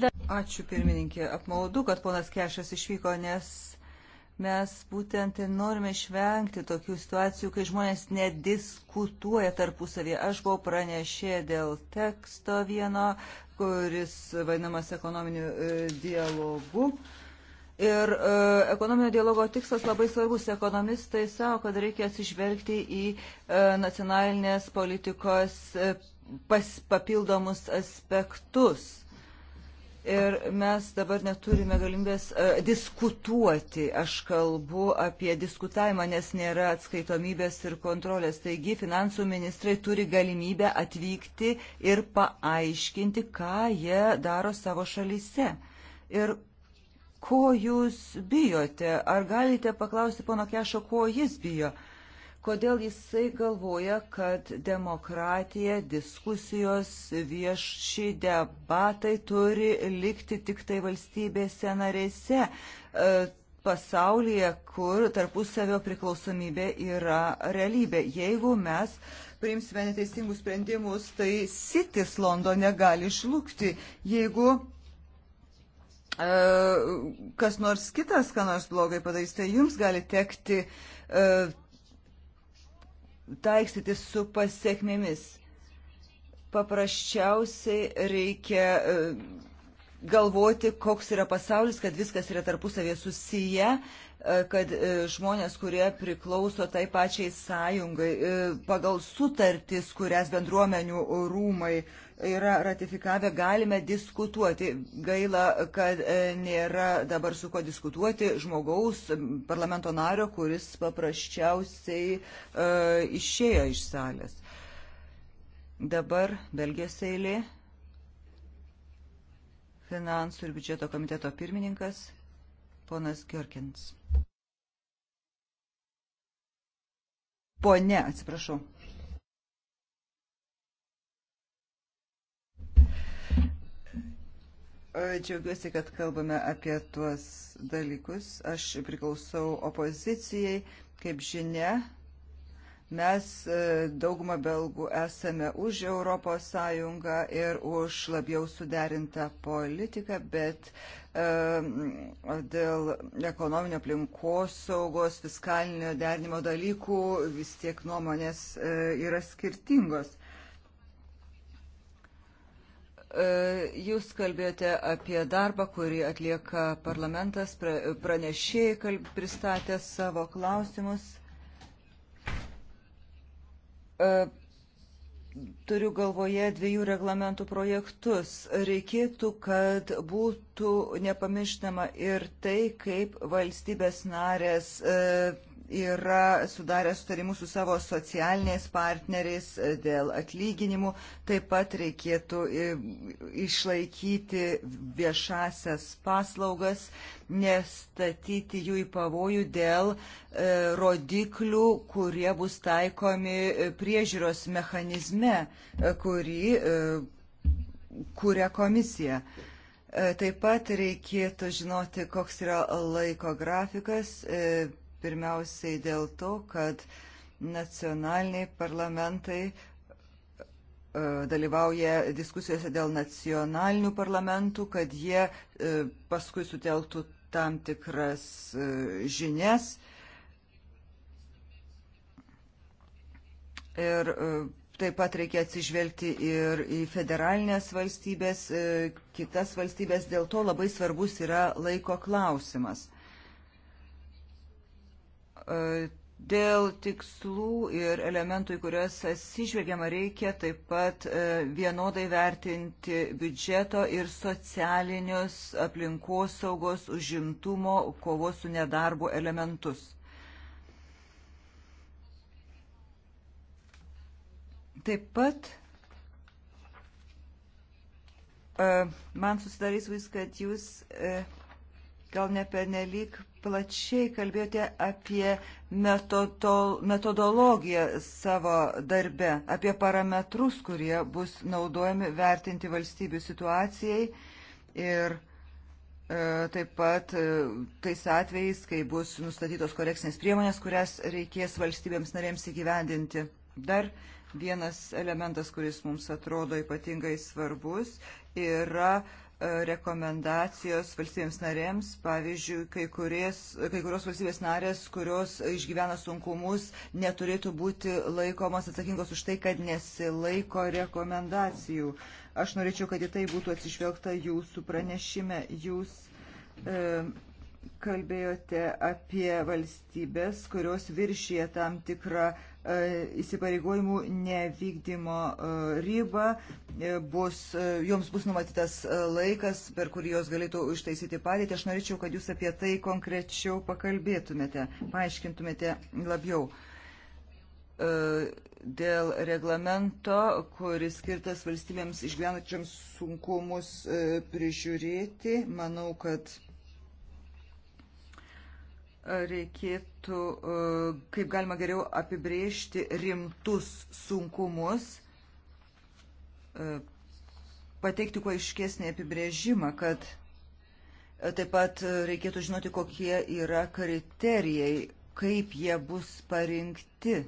that... Ačiū pirmininkė. Apmaudu, kad ponas Kešas išvyko, nes mes būtent ir norime išvengti tokių situacijų, kai žmonės nediskutuoja tarpusavėje. Aš buvau pranešė dėl teksto vieno, kuris vadinamas ekonominiu e, dialogu. Ir e, ekonominio dialogo tikslas labai svarbus. Ekonomistai savo, kad reikia atsižvelgti į e, nacionalinės politikos e, pas, papildomus aspektus. Ir mes dabar neturime galimybės e, diskutuoti. Aš kalbu apie diskutavimą, nes nėra atskaitomybės ir kontrolės. Taigi finansų ministrai turi galimybę atvykti ir paaiškinti, ką jie daro savo šalyse. Ir Ko jūs bijote? Ar galite paklausti pono Kešo, ko jis bijo? Kodėl jisai galvoja, kad demokratija, diskusijos, vieši debatai turi likti tik tai valstybėse narėse e, pasaulyje, kur tarpusavio priklausomybė yra realybė. Jeigu mes priimsime neteisingus sprendimus, tai sitis Londone gali išlūkti. Jeigu kas nors kitas, ką nors blogai padarys, tai jums gali tekti taikstyti su pasiekmėmis. Paprasčiausiai reikia galvoti, koks yra pasaulis, kad viskas yra tarpusavėje susiję, kad žmonės, kurie priklauso tai pačiai sąjungai, pagal sutartis, kurias bendruomenių rūmai yra ratifikavę, galime diskutuoti. Gaila, kad e, nėra dabar su ko diskutuoti žmogaus, parlamento nario, kuris paprasčiausiai e, išėjo iš salės. Dabar Belgijos eilė. Finansų ir biudžeto komiteto pirmininkas ponas Gjörkins. Pone, atsiprašau. Džiaugiuosi, kad kalbame apie tuos dalykus. Aš priklausau opozicijai. Kaip žinia, mes e, daugumą belgų esame už Europos Sąjungą ir už labiau suderintą politiką, bet e, dėl ekonominio aplinkos saugos, fiskalinio derinimo dalykų vis tiek nuomonės e, yra skirtingos. E, jūs kalbėjote apie darbą, kurį atlieka parlamentas, pranešėjai pristatė savo klausimus. E, turiu galvoje dviejų reglamentų projektus. Reikėtų, kad būtų nepamirštama ir tai, kaip valstybės narės e, yra sudarę sutarimus su savo socialiniais partneriais e, dėl atlyginimų. Taip pat reikėtų e, išlaikyti viešasias paslaugas, nestatyti jų į pavojų dėl e, rodiklių, kurie bus taikomi priežiūros mechanizme, kurį kūrė komisija. Taip pat reikėtų žinoti, koks yra laiko grafikas Pirmiausiai dėl to, kad nacionaliniai parlamentai e, dalyvauja diskusijose dėl nacionalinių parlamentų, kad jie e, paskui suteltų tam tikras e, žinias. Ir taip pat reikia atsižvelgti ir į federalinės valstybės, kitas valstybės, dėl to labai svarbus yra laiko klausimas. E, dėl tikslų ir elementų, į kurias atsižvelgiama reikia taip pat e, vienodai vertinti biudžeto ir socialinius aplinkos saugos užimtumo kovos su nedarbu elementus. Taip pat e, man susidarys vis, kad jūs gal ne pernelyg plačiai kalbėjote apie metodologiją savo darbe, apie parametrus, kurie bus naudojami vertinti valstybių situacijai ir e, taip pat e, tais atvejais, kai bus nustatytos korekcinės priemonės, kurias reikės valstybėms narėms įgyvendinti. Dar vienas elementas, kuris mums atrodo ypatingai svarbus, yra e, rekomendacijos valstybėms narėms, pavyzdžiui, kai, kuries, kai kurios valstybės narės, kurios išgyvena sunkumus, neturėtų būti laikomos atsakingos už tai, kad nesilaiko rekomendacijų. Aš norėčiau, kad į tai būtų atsižvelgta jūsų pranešime. Jūs e, kalbėjote apie valstybės, kurios viršyje tam tikrą e, įsipareigojimų nevykdymo e, ribą, e, bus, joms bus numatytas laikas, per kurį jos galėtų ištaisyti padėtį. Aš norėčiau, kad jūs apie tai konkrečiau pakalbėtumėte, paaiškintumėte labiau. Dėl reglamento, kuris skirtas valstybėms išgyvenančiams sunkumus prižiūrėti, manau, kad reikėtų e, kaip galima geriau apibrėžti rimtus sunkumus, e, pateikti kuo iškesnį apibrėžimą, kad e, taip pat reikėtų žinoti, kokie yra kriterijai, kaip jie bus parinkti.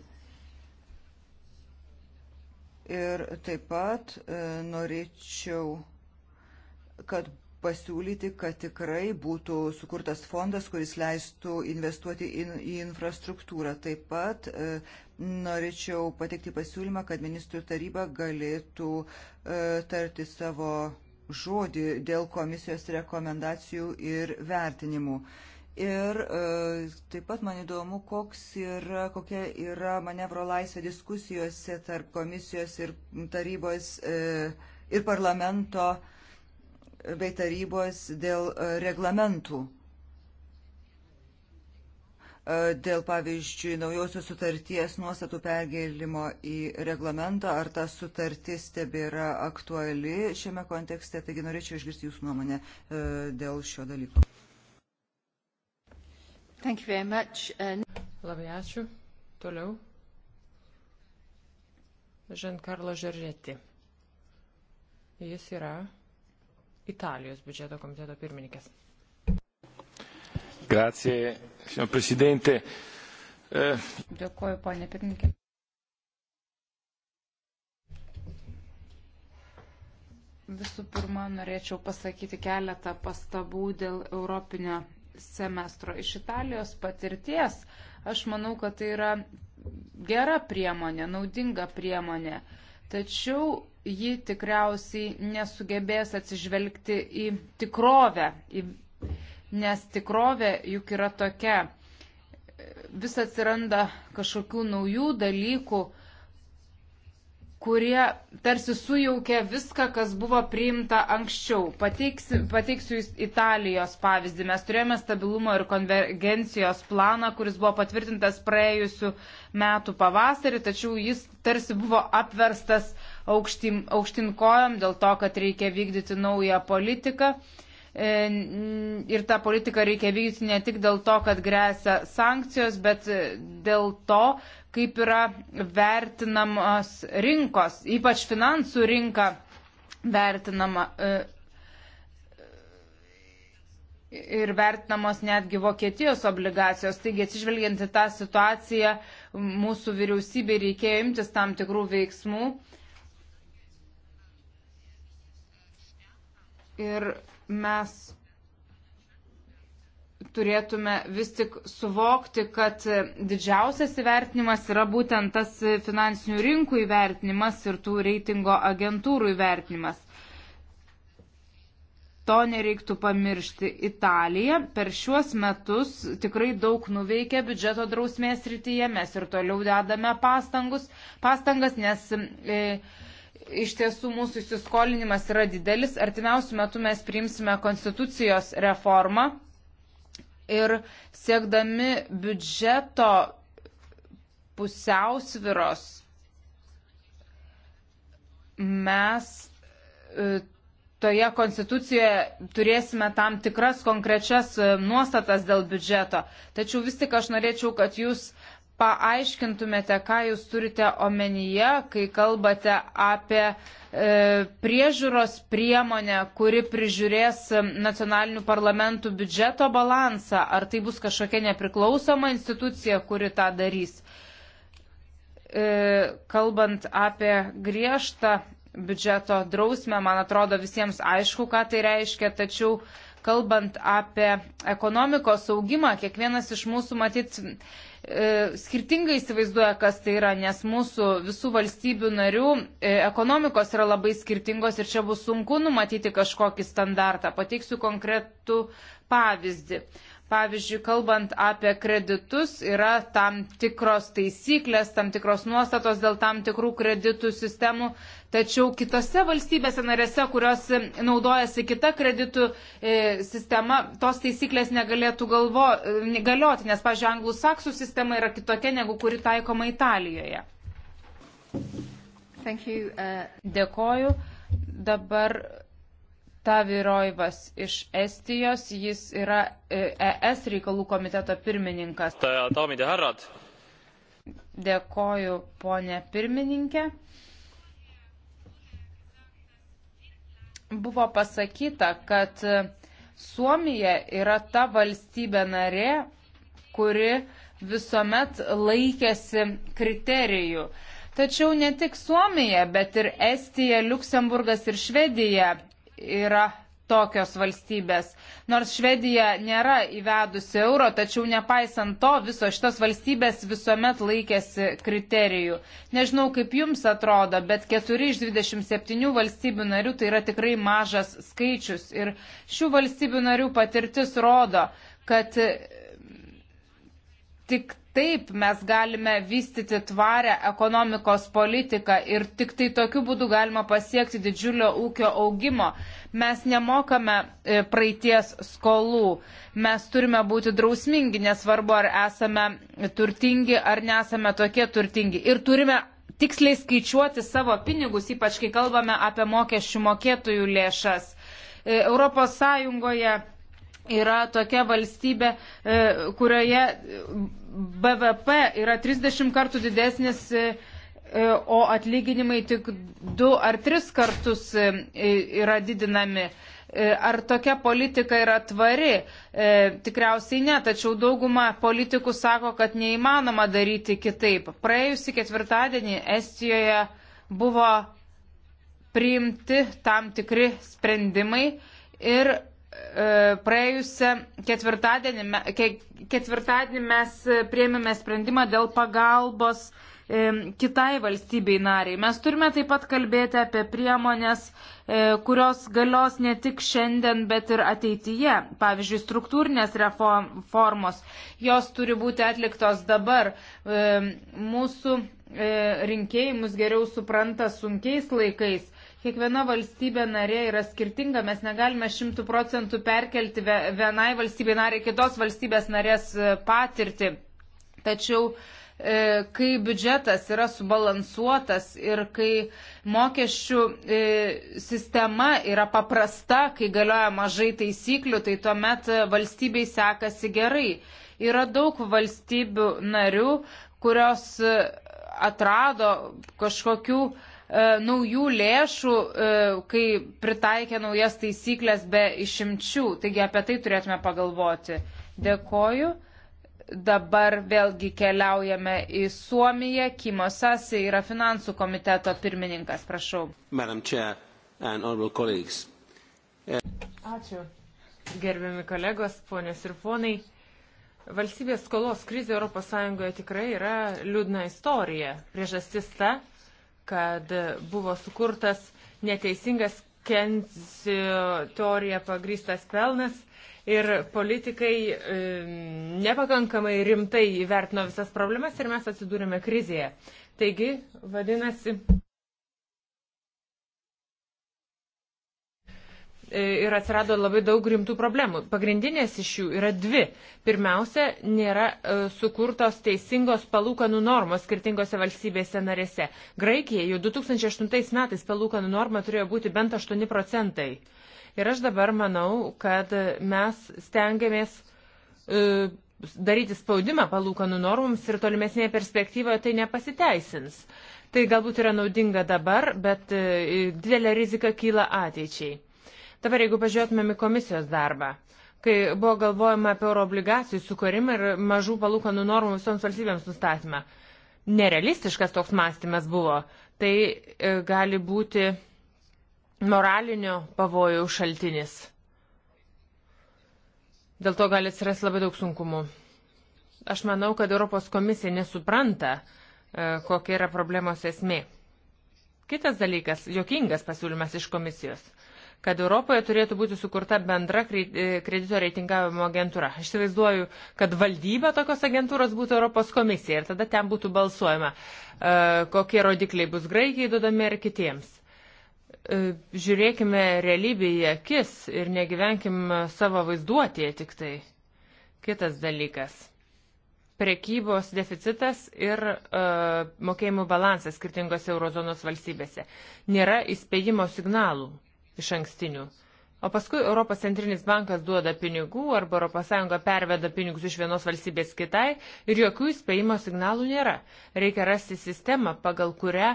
Ir taip pat norėčiau, kad pasiūlyti, kad tikrai būtų sukurtas fondas, kuris leistų investuoti in, į infrastruktūrą. Taip pat e, norėčiau pateikti pasiūlymą, kad ministrų taryba galėtų e, tarti savo žodį dėl komisijos rekomendacijų ir vertinimų. Ir e, taip pat man įdomu, yra, kokia yra manevro laisvė diskusijose tarp komisijos ir tarybos e, ir parlamento e, bei tarybos dėl e, reglamentų. E, dėl, pavyzdžiui, naujosios sutarties nuostatų pergėlimo į reglamentą, ar ta sutartis tebėra aktuali šiame kontekste, taigi norėčiau išgirsti jūsų nuomonę e, dėl šio dalyko. And... Uh, Labai ačiū. Toliau. Žankarlo Žeržeti. Jis yra Italijos biudžeto komiteto pirmininkės. Grazie, signor Presidente. Eh, Dėkuoju, ponė pirmininkė. Visų pirma, norėčiau pasakyti keletą pastabų dėl Europinio semestro iš Italijos patirties. Aš manau, kad tai yra gera priemonė, naudinga priemonė. Tačiau ji tikriausiai nesugebės atsižvelgti į tikrovę, į, nes tikrovė juk yra tokia. Vis atsiranda kažkokių naujų dalykų, kurie tarsi sujaukia viską, kas buvo priimta anksčiau. Pateiksiu, pateiksiu Italijos pavyzdį. Mes turėjome stabilumo ir konvergencijos planą, kuris buvo patvirtintas praėjusiu metu pavasarį, tačiau jis tarsi buvo apverstas aukštin, aukštin kojom dėl to, kad reikia vykdyti naują politiką. E, ir tą politiką reikia vykdyti ne tik dėl to, kad grėsia sankcijos, bet e, dėl to, kaip yra vertinamos rinkos, ypač finansų rinka vertinama e, ir vertinamos netgi Vokietijos obligacijos. Taigi, atsižvelgiant į tą situaciją, mūsų vyriausybė reikėjo imtis tam tikrų veiksmų. Ir mes turėtume vis tik suvokti, kad didžiausias įvertinimas yra būtent tas finansinių rinkų įvertinimas ir tų reitingo agentūrų įvertinimas. To nereiktų pamiršti. Italija per šiuos metus tikrai daug nuveikė biudžeto drausmės rytyje, mes ir toliau dedame pastangus, pastangas, nes. E, iš tiesų mūsų įsiskolinimas yra didelis. Artimiausių metų mes priimsime konstitucijos reformą ir siekdami biudžeto pusiausviros mes e, toje konstitucijoje turėsime tam tikras konkrečias e, nuostatas dėl biudžeto. Tačiau vis tik aš norėčiau, kad jūs paaiškintumėte, ką jūs turite omenyje, kai kalbate apie e, priežiūros priemonę, kuri prižiūrės nacionalinių parlamentų biudžeto balansą? Ar tai bus kažkokia nepriklausoma institucija, kuri tą darys? E, kalbant apie griežtą biudžeto drausmę, man atrodo visiems aišku, ką tai reiškia, tačiau kalbant apie ekonomikos augimą, kiekvienas iš mūsų matyt E, skirtingai įsivaizduoja, kas tai yra, nes mūsų visų valstybių narių e, ekonomikos yra labai skirtingos ir čia bus sunku numatyti kažkokį standartą. Pateiksiu konkretų pavyzdį. Pavyzdžiui, kalbant apie kreditus, yra tam tikros taisyklės, tam tikros nuostatos dėl tam tikrų kreditų sistemų, tačiau kitose valstybėse narėse, kurios naudojasi kita kreditų e, sistema, tos taisyklės negalėtų galvo, e, galioti, nes, pažiūrėjau, anglų saksų sistema yra kitokia negu kuri taikoma Italijoje. Thank you, uh... Dėkoju. Dabar Taviroivas iš Estijos, jis yra ES e reikalų komiteto pirmininkas. Tomide Harrad. Dėkoju, ponė pirmininkė. Buvo pasakyta, kad Suomija yra ta valstybė narė, kuri visuomet laikėsi kriterijų. Tačiau ne tik Suomija, bet ir Estija, Luksemburgas ir Švedija yra tokios valstybės. Nors Švedija nėra įvedusi euro, tačiau nepaisant to visos šitos valstybės visuomet laikėsi kriterijų. Nežinau, kaip jums atrodo, bet 4 iš 27 valstybių narių tai yra tikrai mažas skaičius. Ir šių valstybių narių patirtis rodo, kad tik Taip mes galime vystyti tvarę ekonomikos politiką ir tik tai tokiu būdu galima pasiekti didžiulio ūkio augimo. Mes nemokame e, praeities skolų, mes turime būti drausmingi, nesvarbu ar esame turtingi ar nesame tokie turtingi. Ir turime tiksliai skaičiuoti savo pinigus, ypač kai kalbame apie mokesčių mokėtojų lėšas. E, Europos Sąjungoje yra tokia valstybė, e, kurioje BVP yra 30 kartų didesnis, e, e, o atlyginimai tik 2 ar 3 kartus yra didinami. Ar tokia politika yra tvari? E, tikriausiai ne, tačiau dauguma politikų sako, kad neįmanoma daryti kitaip. Praėjusį ketvirtadienį Estijoje buvo priimti tam tikri sprendimai ir E, praėjusią ketvirtadienį, ketvirtadienį mes prieimėme sprendimą dėl pagalbos e, kitai valstybei nariai. Mes turime taip pat kalbėti apie priemonės, e, kurios galios ne tik šiandien, bet ir ateityje. Pavyzdžiui, struktūrinės reformos, jos turi būti atliktos dabar. Mūsų rinkėjai mus geriau supranta sunkiais laikais. Kiekviena valstybė narė yra skirtinga, mes negalime šimtų procentų perkelti vienai valstybei narė kitos valstybės narės e, patirti. Tačiau e, kai biudžetas yra subalansuotas ir kai mokesčių e, sistema yra paprasta, kai galioja mažai taisyklių, tai tuomet valstybei sekasi gerai. Yra daug valstybių narių, kurios atrado kažkokių uh, E, naujų lėšų, e, kai pritaikė naujas taisyklės be išimčių. Taigi apie tai turėtume pagalvoti. Dėkoju. Dabar vėlgi keliaujame į Suomiją. Kimo Sasi yra finansų komiteto pirmininkas. Prašau. E, Ačiū. Gerbiami kolegos, ponios ir ponai. Valstybės skolos krizė ES tikrai yra liūdna istorija. Priežastis ta, kad buvo sukurtas neteisingas Kenzio teorija pagrystas pelnas ir politikai e, nepakankamai rimtai įvertino visas problemas ir mes atsidūrėme krizėje. Taigi, vadinasi, E, ir atsirado labai daug rimtų problemų. Pagrindinės iš jų yra dvi. Pirmiausia, nėra e, sukurtos teisingos palūkanų normos skirtingose valstybėse narėse. Graikija jau 2008 metais palūkanų norma turėjo būti bent 8 procentai. Ir aš dabar manau, kad mes stengiamės e, daryti spaudimą palūkanų normoms ir tolimesnėje perspektyvoje tai nepasiteisins. Tai galbūt yra naudinga dabar, bet didelė rizika kyla ateičiai. Dabar jeigu pažiūrėtumėm į komisijos darbą, kai buvo galvojama apie euroobligacijų sukūrimą ir mažų palūkanų normų visoms valstybėms nustatymą, nerealistiškas toks mąstymas buvo. Tai e, gali būti moralinio pavojų šaltinis. Dėl to gali atsirasti labai daug sunkumų. Aš manau, kad Europos komisija nesupranta, e, kokia yra problemos esmė. Kitas dalykas - jokingas pasiūlymas iš komisijos kad Europoje turėtų būti sukurta bendra e, kredito reitingavimo agentūra. Aš įsivaizduoju, kad valdyba tokios agentūros būtų Europos komisija ir tada ten būtų balsuojama, e, kokie rodikliai bus Graikijai duodami ir kitiems. E, žiūrėkime realybėje akis ir negyvenkim savo vaizduotėje tik tai. Kitas dalykas prekybos deficitas ir e, mokėjimų balansas skirtingose eurozonos valstybėse. Nėra įspėjimo signalų iš ankstinių. O paskui Europos centrinis bankas duoda pinigų arba ES perveda pinigus iš vienos valstybės kitai ir jokių įspėjimo signalų nėra. Reikia rasti sistemą, pagal kurią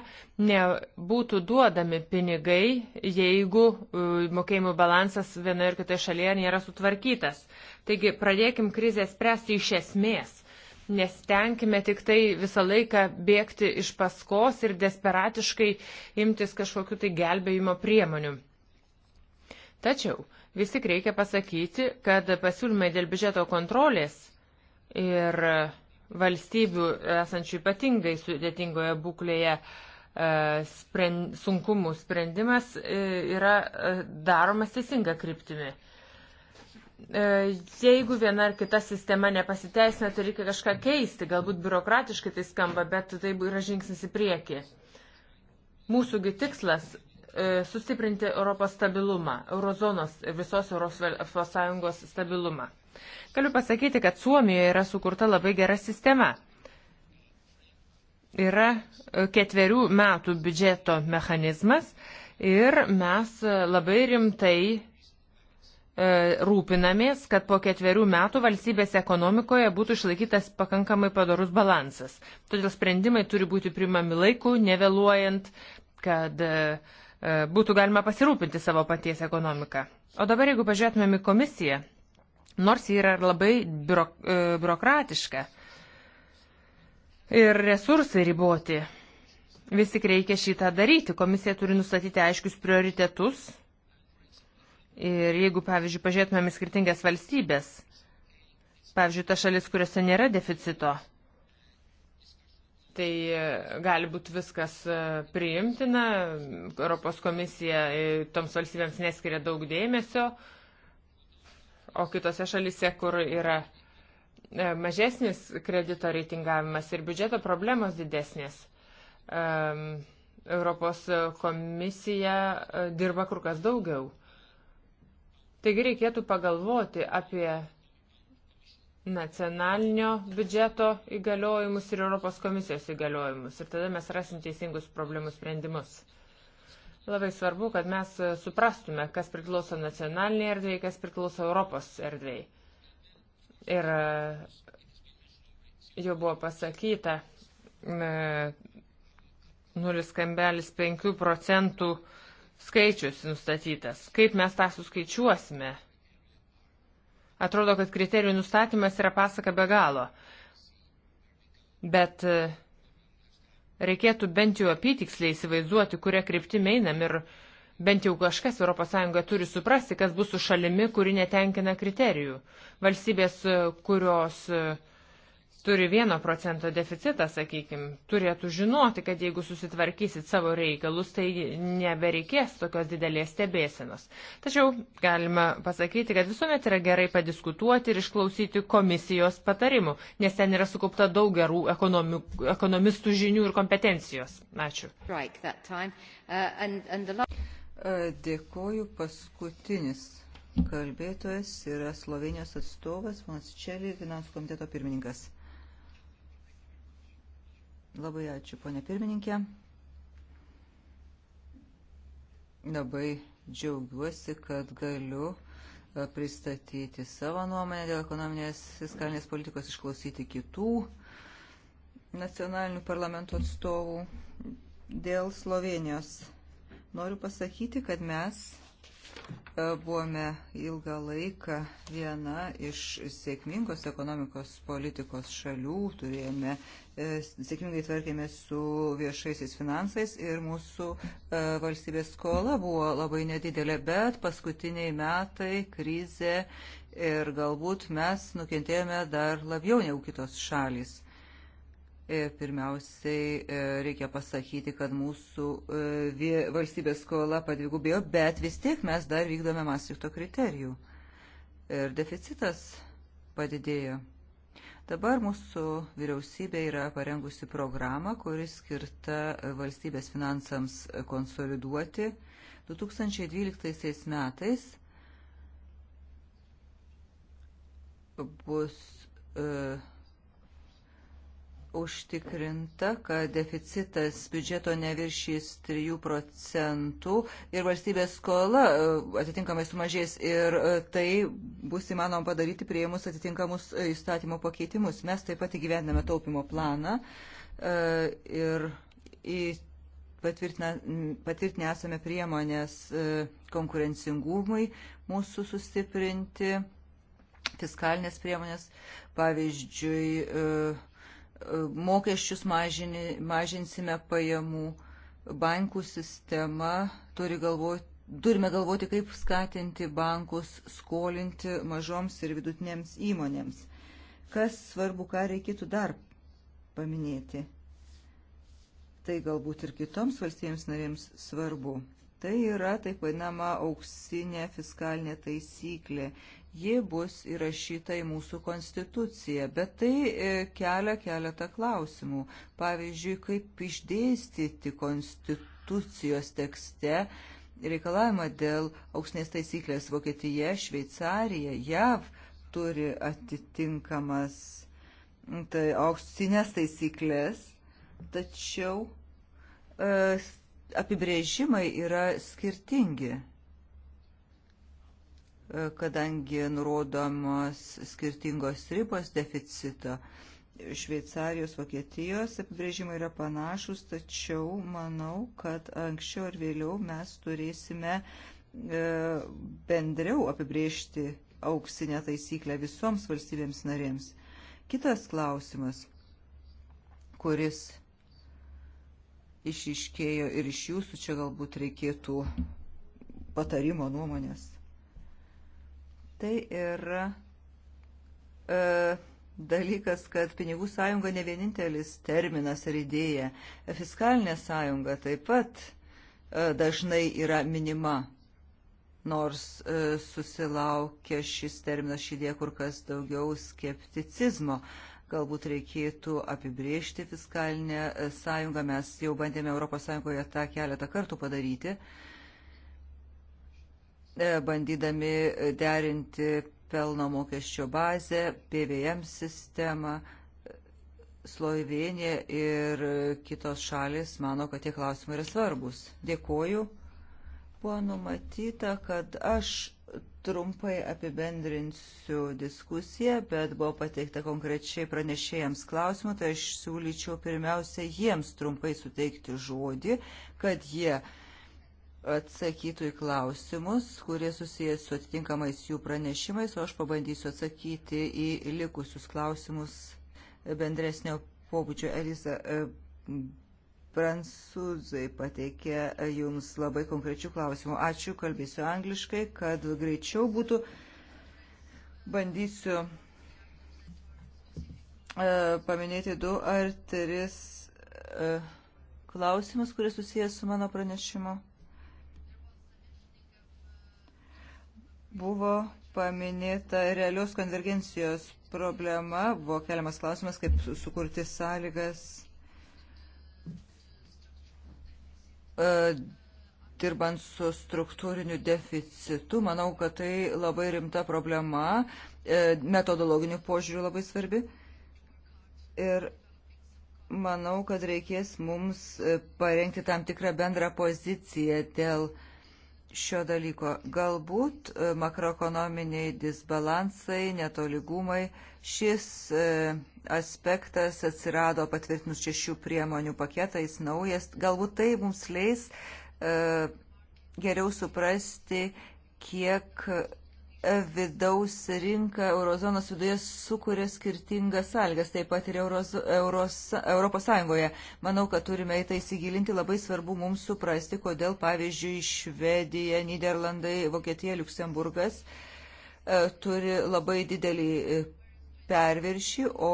nebūtų duodami pinigai, jeigu e, mokėjimų balansas vienoje ir kitoje šalyje nėra sutvarkytas. Taigi pradėkim krizę spręsti iš esmės. Nestenkime tik tai visą laiką bėgti iš paskos ir desperatiškai imtis kažkokiu tai gelbėjimo priemoniu Tačiau vis tik reikia pasakyti, kad pasiūlymai dėl biudžeto kontrolės ir valstybių esančių ypatingai sudėtingoje būklėje e, sprend, sunkumų sprendimas e, yra e, daromas teisinga kryptimi. Jeigu viena ar kita sistema nepasiteisina, tai reikia kažką keisti, galbūt biurokratiškai tai skamba, bet tai yra žingsnis į priekį. Mūsųgi tikslas E, sustiprinti Europos stabilumą, eurozonos ir visos ES stabilumą. Galiu pasakyti, kad Suomijoje yra sukurta labai gera sistema. Yra e, ketverių metų biudžeto mechanizmas ir mes e, labai rimtai rūpinamės, kad po ketverių metų valstybės ekonomikoje būtų išlaikytas pakankamai padarus balansas. Todėl sprendimai turi būti primami laiku, nevėluojant, kad uh, E, būtų galima pasirūpinti savo paties ekonomiką. O dabar, jeigu pažiūrėtumėm į komisiją, nors ji yra labai biuro, e, biurokratiška ir resursai riboti, vis tik reikia šitą daryti. Komisija turi nustatyti aiškius prioritetus. Ir jeigu, pavyzdžiui, pažiūrėtumėm į skirtingas valstybės, pavyzdžiui, ta šalis, kuriuose nėra deficito, Tai e, gali būti viskas e, priimtina, Europos komisija e, toms valstybėms neskiria daug dėmesio, o kitose šalise, kur yra mažesnis kredito reitingavimas ir biudžeto problemos didesnės, Europos komisija dirba kur kas daugiau. Taigi reikėtų pagalvoti apie nacionalinio biudžeto įgaliojimus ir Europos komisijos įgaliojimus. Ir tada mes rasim teisingus problemų sprendimus. Labai svarbu, kad mes suprastume, kas priklauso nacionaliniai erdvėjai, kas priklauso Europos erdvėjai. Ir e, jau buvo pasakyta, 0,5 e, procentų skaičius nustatytas. Kaip mes tą suskaičiuosime? Atrodo, kad kriterijų nustatymas yra pasaka be galo. Bet e, reikėtų bent jau apytiksliai įsivaizduoti, kurią kryptimį einam ir bent jau kažkas ES turi suprasti, kas bus su šalimi, kuri netenkina kriterijų. Valstybės, e, kurios uh, turi 1 procento deficitą, sakykime, turėtų žinoti, kad jeigu susitvarkysit savo reikalus, tai nebereikės tokios didelės stebėsenos. Tačiau galima pasakyti, kad visuomet yra gerai padiskutuoti ir išklausyti komisijos patarimų, nes ten yra sukaupta daug gerų ekonomi, ekonomistų žinių ir kompetencijos. Ačiū. Right, uh, and, and the... uh, dėkoju paskutinis. Kalbėtojas yra Slovenijos atstovas, Monsčelį, finansų komiteto pirmininkas. Labai ačiū, ponė pirmininkė. Labai džiaugiuosi, kad galiu e, pristatyti savo nuomonę dėl ekonominės fiskalinės politikos, išklausyti kitų nacionalinių parlamentų atstovų. Dėl Slovenijos noriu pasakyti, kad mes e, buvome ilgą laiką viena iš sėkmingos ekonomikos politikos šalių, turėjome E, sėkmingai tvarkėmės su viešaisiais finansais ir mūsų e, valstybės skola buvo labai nedidelė, bet paskutiniai metai krizė ir galbūt mes nukentėjome dar labiau negu kitos šalys. Ir e, pirmiausiai reikia pasakyti, kad mūsų valstybės skola padvigubėjo, bet vis tiek mes dar vykdome Maastrichto kriterijų. Ir deficitas padidėjo. Dabar mūsų vyriausybė yra parengusi programą, kuris skirta valstybės finansams konsoliduoti 2012 metais bus e, užtikrinta, kad deficitas biudžeto neviršys 3 procentų ir valstybės skola e, atitinkamai sumažės ir e, tai bus įmanoma padaryti prieimus atitinkamus e, įstatymo pakeitimus. Mes taip pat įgyvendame taupimo planą ir patvirtinę esame priemonės konkurencingumui mūsų sustiprinti fiskalinės priemonės, pavyzdžiui, mokesčius mažini, mažinsime pajamų, bankų sistema turi galvoti. Turime galvoti, kaip skatinti bankus skolinti mažoms ir vidutinėms įmonėms. Kas svarbu, ką reikėtų dar paminėti. Tai galbūt ir kitoms valstybėms narėms svarbu. Tai yra taip vadinama auksinė fiskalinė taisyklė ji bus įrašyta į mūsų konstituciją, bet tai e, kelia keletą klausimų. Pavyzdžiui, kaip išdėstyti konstitucijos tekste reikalavimą dėl auksnės taisyklės Vokietija, Šveicarija, JAV turi atitinkamas tai, auksinės taisyklės, tačiau e, apibrėžimai yra skirtingi kadangi nurodomos skirtingos ribos deficito. Šveicarijos, Vokietijos apibrėžimai yra panašus, tačiau manau, kad anksčiau ar vėliau mes turėsime e, bendriau apibrėžti auksinę taisyklę visoms valstybėms narėms. Kitas klausimas, kuris išiškėjo ir iš jūsų čia galbūt reikėtų patarimo nuomonės. Tai yra e, dalykas, kad pinigų sąjunga ne vienintelis terminas ar idėja. Fiskalinė sąjunga taip pat e, dažnai yra minima, nors e, susilaukia šis terminas šį idėją kur kas daugiau skepticizmo. E, galbūt reikėtų apibriežti fiskalinę e, sąjungą. Mes jau bandėme ES tą keletą kartų padaryti. Uh, E, bandydami derinti pelno mokesčio bazę, PVM sistemą. Slovenija ir kitos šalis mano, kad tie klausimai yra svarbus. Dėkoju. Buvo numatyta, kad aš trumpai apibendrinsiu diskusiją, bet buvo pateikta konkrečiai pranešėjams klausimų, tai aš siūlyčiau pirmiausia jiems trumpai suteikti žodį, kad jie uh, atsakytų į klausimus, kurie susijęs su atitinkamais jų pranešimais, o aš pabandysiu atsakyti į likusius klausimus bendresnio pobūdžio. Elisa, e, prancūzai pateikė e, jums labai konkrečių klausimų. Ačiū, kalbėsiu angliškai, kad greičiau būtų. Bandysiu e, paminėti du ar tris klausimus, kurie susijęs su mano pranešimu. Buvo paminėta realios konvergencijos problema, buvo keliamas klausimas, kaip sukurti sąlygas e, dirbant su struktūriniu deficitu. Manau, kad tai labai rimta problema, e, metodologiniu požiūriu labai svarbi. Ir manau, kad reikės mums e, parengti tam tikrą bendrą poziciją dėl uh, šio dalyko. Galbūt e, makroekonominiai disbalansai, netolygumai, šis e, aspektas atsirado patvirtinus šešių priemonių paketą, jis naujas. Galbūt tai mums leis e, geriau suprasti, kiek vidaus rinka eurozonos viduje sukuria skirtingas sąlygas, taip pat ir Euros, Euros, Europos Sąjungoje. Manau, kad turime į tai įsigilinti, labai svarbu mums suprasti, kodėl, pavyzdžiui, Švedija, Niderlandai, Vokietija, Luksemburgas e, turi labai didelį perviršį, o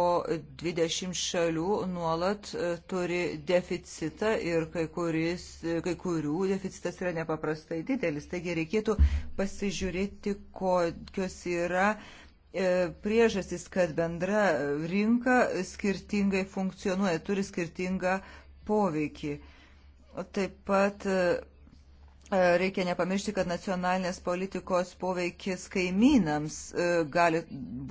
20 šalių nuolat e, turi deficitą ir kai, kuris, e, kai kurių deficitas yra nepaprastai didelis. Taigi reikėtų pasižiūrėti, kokios yra e, priežastys, kad bendra rinka skirtingai funkcionuoja, turi skirtingą poveikį. Taip pat E, reikia nepamiršti, kad nacionalinės politikos poveikis kaimynams e, gali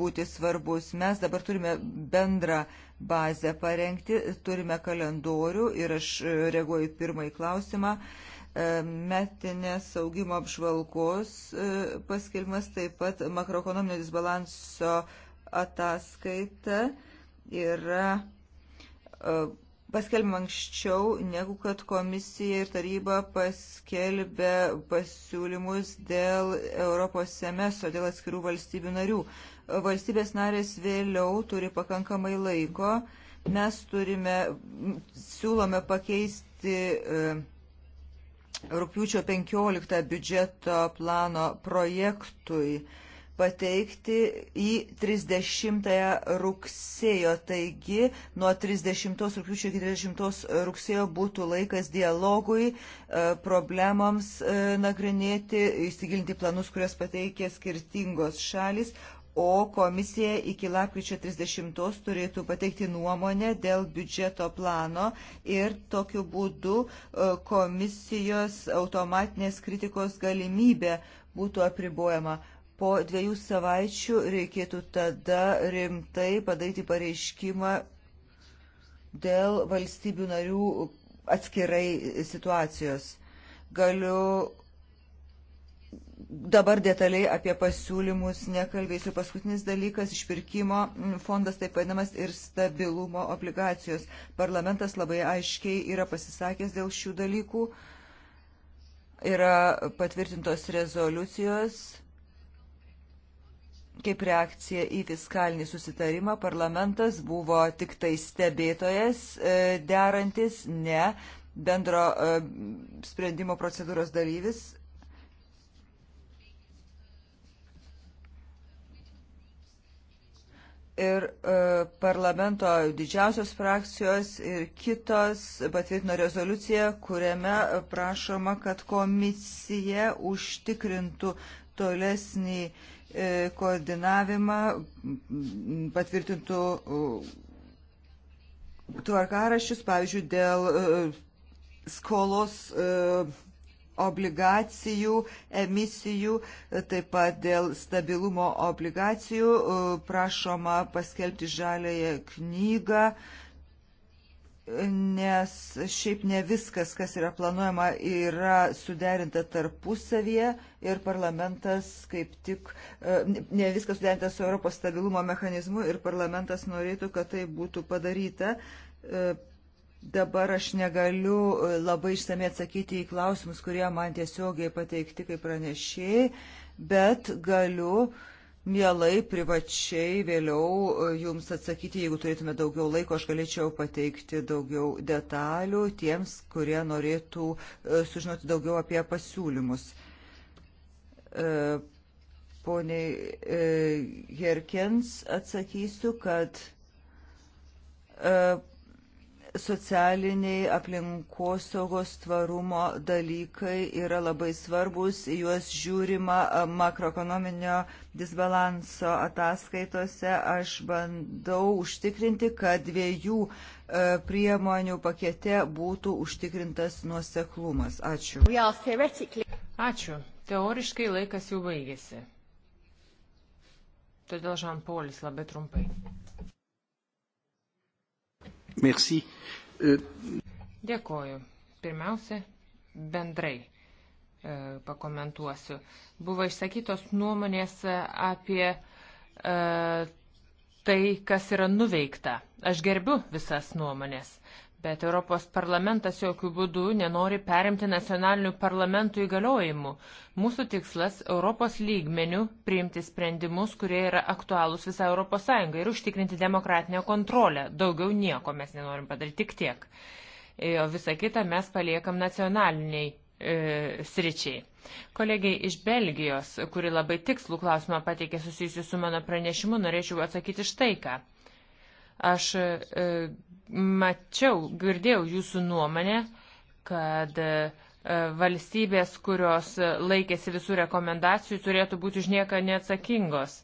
būti svarbus. Mes dabar turime bendrą bazę parengti, turime kalendorių ir aš e, reaguoju pirmąjį klausimą. Metinės augimo apžvalgos paskelbimas taip pat makroekonominio disbalanso ataskaita yra paskelbėm anksčiau, negu kad komisija ir taryba paskelbė pasiūlymus dėl Europos semestro, dėl atskirų valstybių narių. Valstybės narės vėliau turi pakankamai laiko. Mes turime, siūlome pakeisti e, rūpiučio 15 biudžeto plano projektui pateikti į 30 rugsėjo. Taigi nuo 30 rūpiučio iki 30 rugsėjo būtų laikas dialogui, e, problemams e, nagrinėti, įsigilinti planus, kurias pateikė skirtingos šalis. O komisija iki lapkričio 30 turėtų pateikti nuomonę dėl biudžeto plano ir tokiu būdu e, komisijos automatinės kritikos galimybė būtų apribojama. Po dviejų savaičių reikėtų tada rimtai padaryti pareiškimą dėl valstybių narių atskirai situacijos. Galiu dabar detaliai apie pasiūlymus nekalbėsiu. Paskutinis dalykas - išpirkimo fondas, taip vadinamas, ir stabilumo obligacijos. Parlamentas labai aiškiai yra pasisakęs dėl šių dalykų. Yra patvirtintos rezoliucijos kaip reakcija į fiskalinį susitarimą parlamentas buvo tik tai stebėtojas e, derantis, ne bendro e, sprendimo procedūros dalyvis. Ir e, parlamento didžiausios frakcijos ir kitos patvirtino rezoliuciją, kuriame prašoma, kad komisija užtikrintų tolesnį uh, E, koordinavimą patvirtintų e, tvarkaraščius, pavyzdžiui, dėl e, skolos obligacijų, emisijų, taip pat dėl stabilumo obligacijų prašoma paskelbti žalėje knygą nes šiaip ne viskas, kas yra planuojama, yra suderinta tarpusavyje ir parlamentas kaip tik, e, ne viskas suderinta su Europos stabilumo mechanizmu ir parlamentas norėtų, kad tai būtų padaryta. E, dabar aš negaliu e, labai išsamei atsakyti į klausimus, kurie man tiesiogiai pateikti kaip pranešėjai, bet galiu uh, Mielai privačiai vėliau e, jums atsakyti, jeigu turėtume daugiau laiko, aš galėčiau pateikti daugiau detalių tiems, kurie norėtų e, sužinoti daugiau apie pasiūlymus. E, Poniai Herkens atsakysiu, kad socialiniai aplinkosaugos tvarumo dalykai yra labai svarbus, juos žiūrima makroekonominio disbalanso ataskaitose. Aš bandau užtikrinti, kad dviejų e, priemonių pakete būtų užtikrintas nuoseklumas. Ačiū. Ačiū. Teoriškai laikas jau baigėsi. Todėl Žan Polis labai trumpai. Merci. Euh, Dėkoju. Pirmiausia, bendrai e, pakomentuosiu. Buvo išsakytos nuomonės apie e, tai, kas yra nuveikta. Aš gerbiu visas nuomonės, Bet Europos parlamentas jokių būdų nenori perimti nacionalinių parlamentų įgaliojimų. Mūsų tikslas - Europos lygmenių priimti sprendimus, kurie yra aktualūs visai ES ir užtikrinti demokratinę kontrolę. Daugiau nieko mes nenorim padaryti, tik tiek. E, o visą kitą mes paliekam nacionaliniai e, sričiai. Kolegiai iš Belgijos, kuri labai tikslų klausimą pateikė susijusiu su mano pranešimu, norėčiau atsakyti štai ką. Aš e, mačiau, girdėjau jūsų nuomonę, kad e, valstybės, kurios laikėsi visų rekomendacijų, turėtų būti už nieką neatsakingos.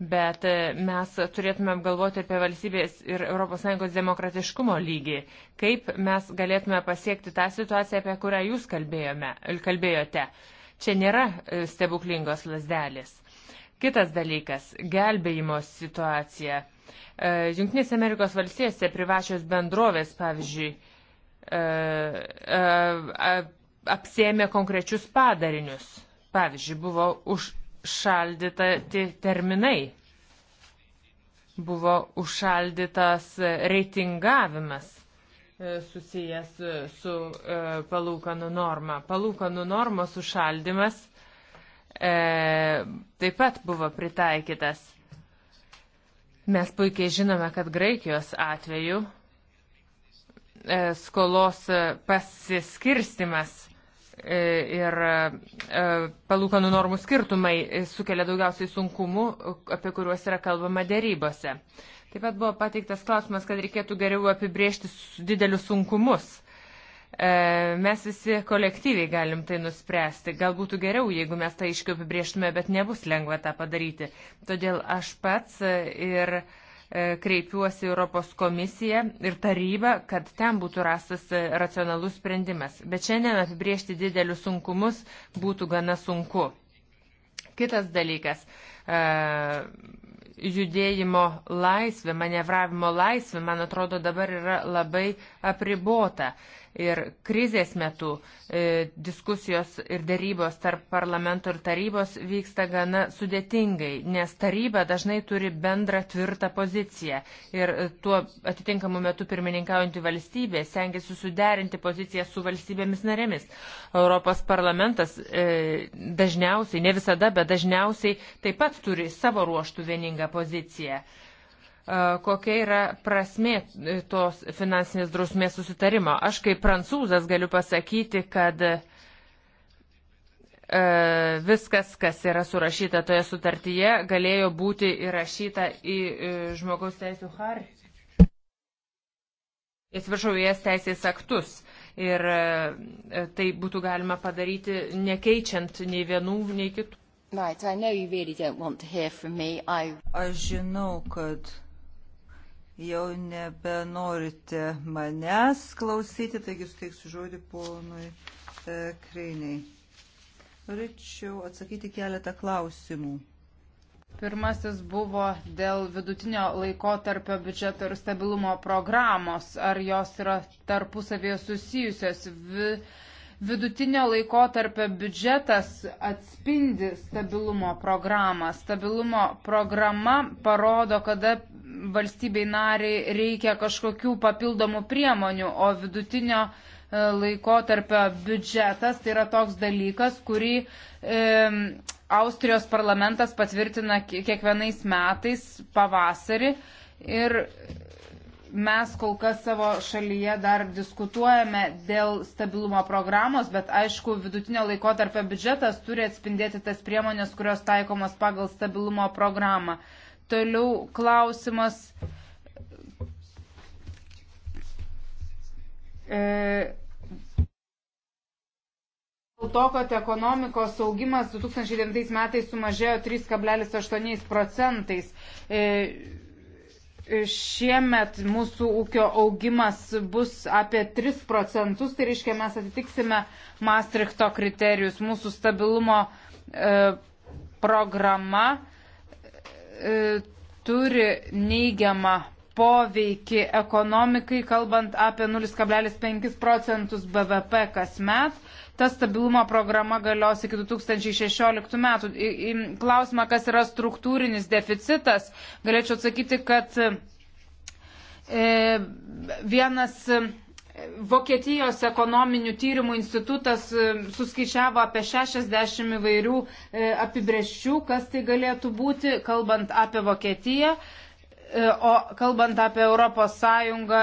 Bet e, mes turėtume apgalvoti apie valstybės ir ES demokratiškumo lygį. Kaip mes galėtume pasiekti tą situaciją, apie kurią jūs kalbėjome, kalbėjote. Čia nėra e, stebuklingos lasdelės. Kitas dalykas - gelbėjimo situacija E, Junktinės Amerikos valstijose privačios bendrovės, pavyzdžiui, e, e, apsėmė konkrečius padarinius. Pavyzdžiui, buvo užšaldyta terminai, buvo užšaldytas reitingavimas susijęs su palūkanų norma. Palūkanų normos užšaldymas taip pat buvo pritaikytas Mes puikiai žinome, kad Graikijos atveju e, skolos e, pasiskirstimas e, ir palūkanų normų skirtumai sukelia daugiausiai sunkumų, apie kuriuos yra kalbama dėrybose. Taip pat buvo pateiktas klausimas, kad reikėtų geriau apibriežti didelius sunkumus. E, mes visi kolektyviai galim tai nuspręsti. Gal būtų geriau, jeigu mes tai aiškiau apibrieštume, bet nebus lengva tą padaryti. Todėl aš pats e, ir e, kreipiuosi Europos komisiją ir tarybą, kad ten būtų rastas racionalus sprendimas. Bet šiandien apibriežti didelius sunkumus būtų gana sunku. Kitas dalykas judėjimo laisvė, manevravimo laisvė, man atrodo, dabar yra labai apribota ir krizės metu e, diskusijos ir darybos tarp parlamento ir tarybos vyksta gana sudėtingai, nes taryba dažnai turi bendrą tvirtą poziciją ir e, tuo atitinkamu metu pirmininkaujantį valstybę stengiasi suderinti poziciją su valstybėmis narėmis. Europos parlamentas e, dažniausiai, ne visada, bet dažniausiai taip pat turi savo ruoštų vieningą poziciją. E, kokia yra prasmė tos finansinės drausmės susitarimo. Aš kaip prancūzas galiu pasakyti, kad e, viskas, kas yra surašyta toje sutartyje, galėjo būti įrašyta į e, žmogaus teisų hartiją. Įsiviršau į jas teisės aktus ir tai būtų galima padaryti nekeičiant nei vienų, nei kitų. Right, I know you really don't want to hear from me. I... Aš žinau, kad jau nebenorite manęs klausyti, taigi suteiksiu žodį ponui e, Kreiniai. Norėčiau atsakyti keletą klausimų. Pirmasis buvo dėl vidutinio laiko tarpio biudžeto ir stabilumo programos. Ar jos yra tarpusavėje susijusios? Vi, vidutinio laiko tarpio biudžetas atspindi stabilumo programą. Stabilumo programa parodo, kada valstybei nariai reikia kažkokių papildomų priemonių, o vidutinio e, laikotarpio biudžetas tai yra toks dalykas, kurį e, Austrijos parlamentas patvirtina kiekvienais metais pavasarį ir mes kol kas savo šalyje dar diskutuojame dėl stabilumo programos, bet aišku, vidutinio laikotarpio biudžetas turi atspindėti tas priemonės, kurios taikomos pagal stabilumo programą. E, Toliau klausimas. E, Dėl to, kad ekonomikos augimas 2009 metais sumažėjo 3,8 procentais. E, e, šiemet mūsų ūkio augimas bus apie 3 procentus, tai reiškia mes atitiksime Maastrichto kriterijus. Mūsų stabilumo e, programa E, turi neigiamą poveikį ekonomikai, kalbant apie 0,5 procentus BVP kasmet. Ta stabilumo programa galios iki 2016 metų. Į klausimą, kas yra struktūrinis deficitas, galėčiau atsakyti, kad e, vienas Vokietijos ekonominių tyrimų institutas e, suskaičiavo apie 60 įvairių e, apibrėžčių, kas tai galėtų būti, kalbant apie Vokietiją, e, o kalbant apie Europos Sąjungą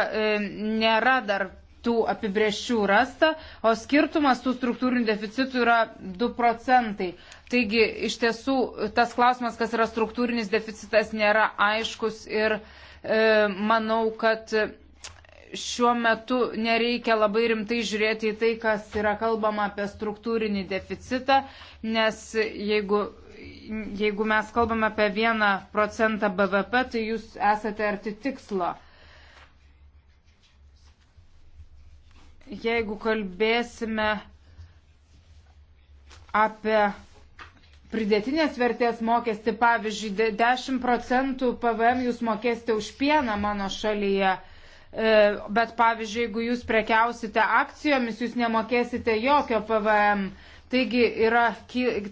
nėra dar tų apibrėžčių rasta, o skirtumas tų struktūrinių deficitų yra 2 procentai. Taigi iš tiesų tas klausimas, kas yra struktūrinis deficitas, nėra aiškus ir e, manau, kad šiuo metu nereikia labai rimtai žiūrėti į tai, kas yra kalbama apie struktūrinį deficitą, nes jeigu, jeigu mes kalbame apie 1 procentą BVP, tai jūs esate arti tikslo. Jeigu kalbėsime apie pridėtinės vertės mokestį, pavyzdžiui, 10 procentų PVM jūs mokėsite už pieną mano šalyje, E, bet pavyzdžiui, jeigu jūs prekiausite akcijomis, jūs nemokėsite jokio PVM. Taigi yra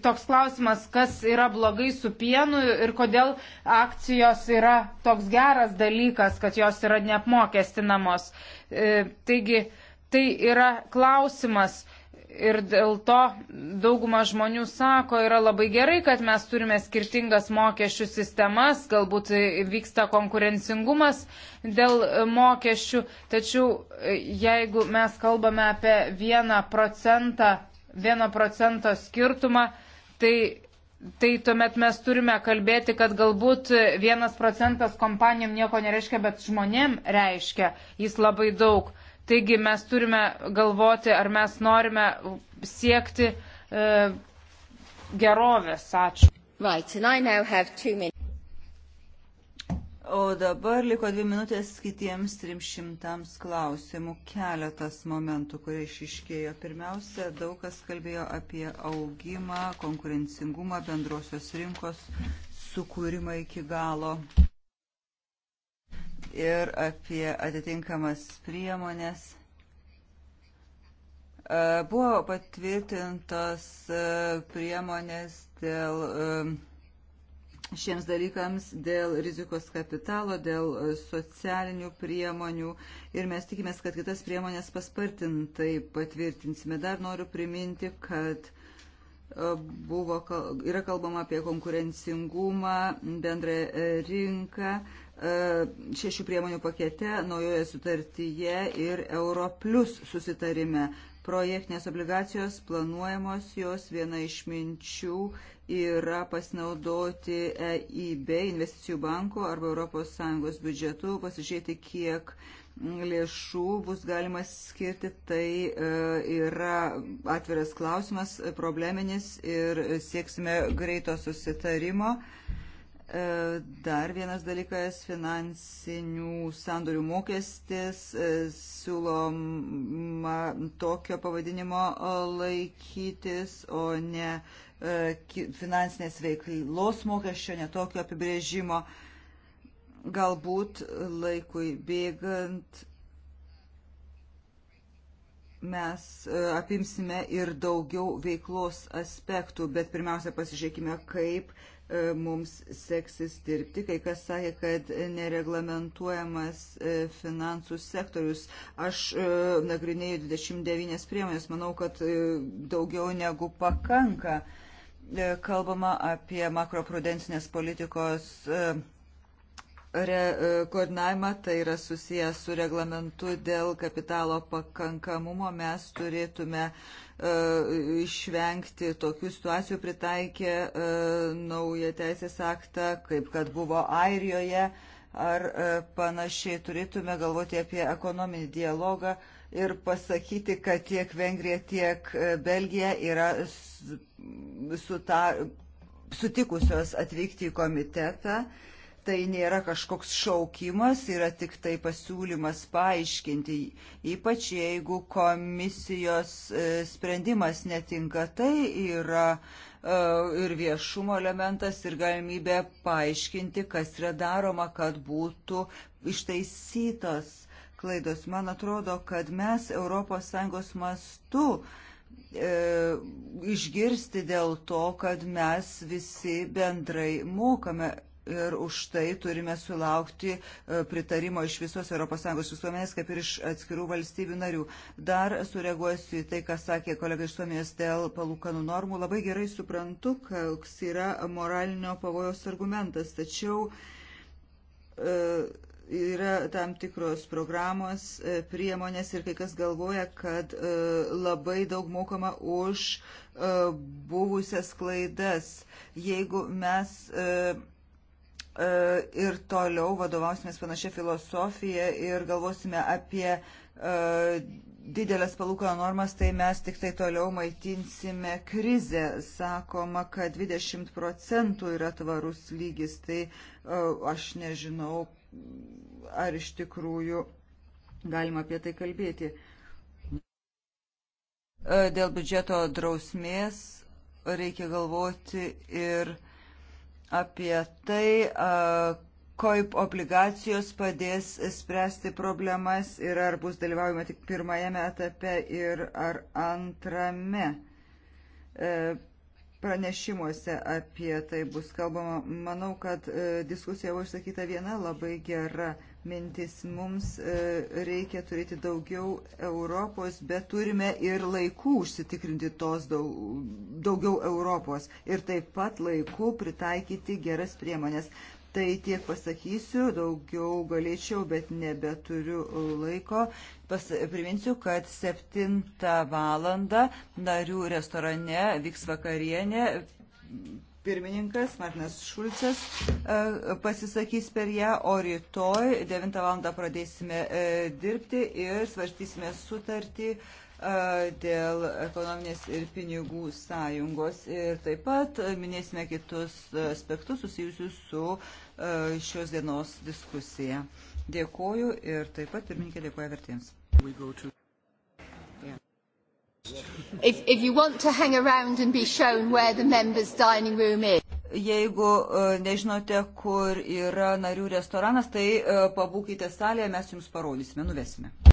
toks klausimas, kas yra blogai su pienu ir kodėl akcijos yra toks geras dalykas, kad jos yra neapmokestinamos. E, taigi tai yra klausimas Ir dėl to dauguma žmonių sako, yra labai gerai, kad mes turime skirtingas mokesčių sistemas, galbūt vyksta konkurencingumas dėl mokesčių, tačiau e, jeigu mes kalbame apie vieną procentą, vieno procento skirtumą, tai, tai tuomet mes turime kalbėti, kad galbūt vienas procentas kompanijom nieko nereiškia, bet žmonėm reiškia jis labai daug. Taigi mes turime galvoti, ar mes norime siekti e, gerovės. Ačiū. Right, O dabar liko dvi minutės kitiems 300 klausimų. Keletas momentų, kurie išiškėjo. Pirmiausia, daug kas kalbėjo apie augimą, konkurencingumą, bendrosios rinkos sukūrimą iki galo ir apie atitinkamas priemonės. E, buvo patvirtintos e, priemonės dėl e, šiems dalykams dėl rizikos kapitalo, dėl socialinių priemonių ir mes tikimės, kad kitas priemonės paspartintai patvirtinsime. Dar noriu priminti, kad buvo, yra kalbama apie konkurencingumą, bendrą rinką, E, šešių priemonių pakete, naujoje sutartyje ir Europlus susitarime. Projektinės obligacijos planuojamos, jos viena iš minčių yra pasinaudoti EIB, investicijų banko arba ES biudžetu, pasižiūrėti, kiek lėšų bus galima skirti, tai e, yra atviras klausimas, probleminis ir sieksime greito susitarimo. E, dar vienas dalykas - finansinių sandorių mokestis. E, siūloma tokio pavadinimo laikytis, o ne e, finansinės veiklos mokesčio, ne tokio apibrėžimo. Galbūt laikui bėgant mes apimsime ir daugiau veiklos aspektų, bet pirmiausia pasižiūrėkime, kaip uh, E, mums seksis dirbti. Kai kas sakė, kad nereglamentuojamas e, finansų sektorius. Aš e, nagrinėjau 29 priemonės, manau, kad daugiau negu pakanka. Kalbama apie makroprudencinės politikos re, e, koordinavimą, tai yra susijęs su reglamentu dėl kapitalo pakankamumo, mes turėtume uh, išvengti tokių situacijų pritaikę uh, naują teisės aktą, kaip kad buvo Airijoje ar uh, panašiai. Turėtume galvoti apie ekonominį dialogą ir pasakyti, kad tiek Vengrija, tiek Belgija yra su ta, sutikusios atvykti į komitetą. Uh, tai nėra kažkoks šaukimas, yra tik tai pasiūlymas paaiškinti, ypač jeigu komisijos e, sprendimas netinka, tai yra e, ir viešumo elementas, ir galimybė paaiškinti, kas yra daroma, kad būtų ištaisytos klaidos. Man atrodo, kad mes ES mastu e, išgirsti dėl to, kad mes visi bendrai mokame ir už tai turime sulaukti e, pritarimo iš visos ES visuomenės, kaip ir iš atskirų valstybių narių. Dar sureaguosiu į tai, ką sakė kolega iš Suomijos dėl palūkanų normų. Labai gerai suprantu, koks yra moralinio pavojaus argumentas, tačiau e, yra tam tikros programos, e, priemonės ir kai kas galvoja, kad labai daug mokama už buvusias klaidas. Jeigu mes E, ir toliau vadovausimės panašia filosofija ir galvosime apie e, didelės palūkanų normas, tai mes tik tai toliau maitinsime krizę. Sakoma, kad 20 procentų yra tvarus lygis, tai e, aš nežinau, ar iš tikrųjų galima apie tai kalbėti. Dėl biudžeto drausmės reikia galvoti ir apie tai, kaip obligacijos padės spręsti problemas ir ar bus dalyvaujama tik pirmajame etape ir ar antrame. E, pranešimuose apie tai bus kalbama. Manau, kad e, diskusija buvo išsakyta viena labai gera mintis. Mums e, reikia turėti daugiau Europos, bet turime ir laikų užsitikrinti tos daugiau Europos ir taip pat laiku pritaikyti geras priemonės. Tai tiek pasakysiu, daugiau galėčiau, bet nebeturiu uh, laiko. Pas, priminsiu, kad 7 valandą narių restorane vyks vakarienė. Pirmininkas Martinas Šulcas uh, pasisakys per ją, o rytoj 9 valandą pradėsime uh, dirbti ir svarstysime sutartį dėl ekonominės ir pinigų sąjungos. Ir taip pat minėsime kitus aspektus susijusius su šios dienos diskusija. Dėkoju ir taip pat pirmininkė dėkoja vertėjams. If, if you want to hang around and be shown where the members' dining room is. Jeigu nežinote, kur yra narių restoranas, tai pabūkite salėje, mes jums parodysime, nuvesime.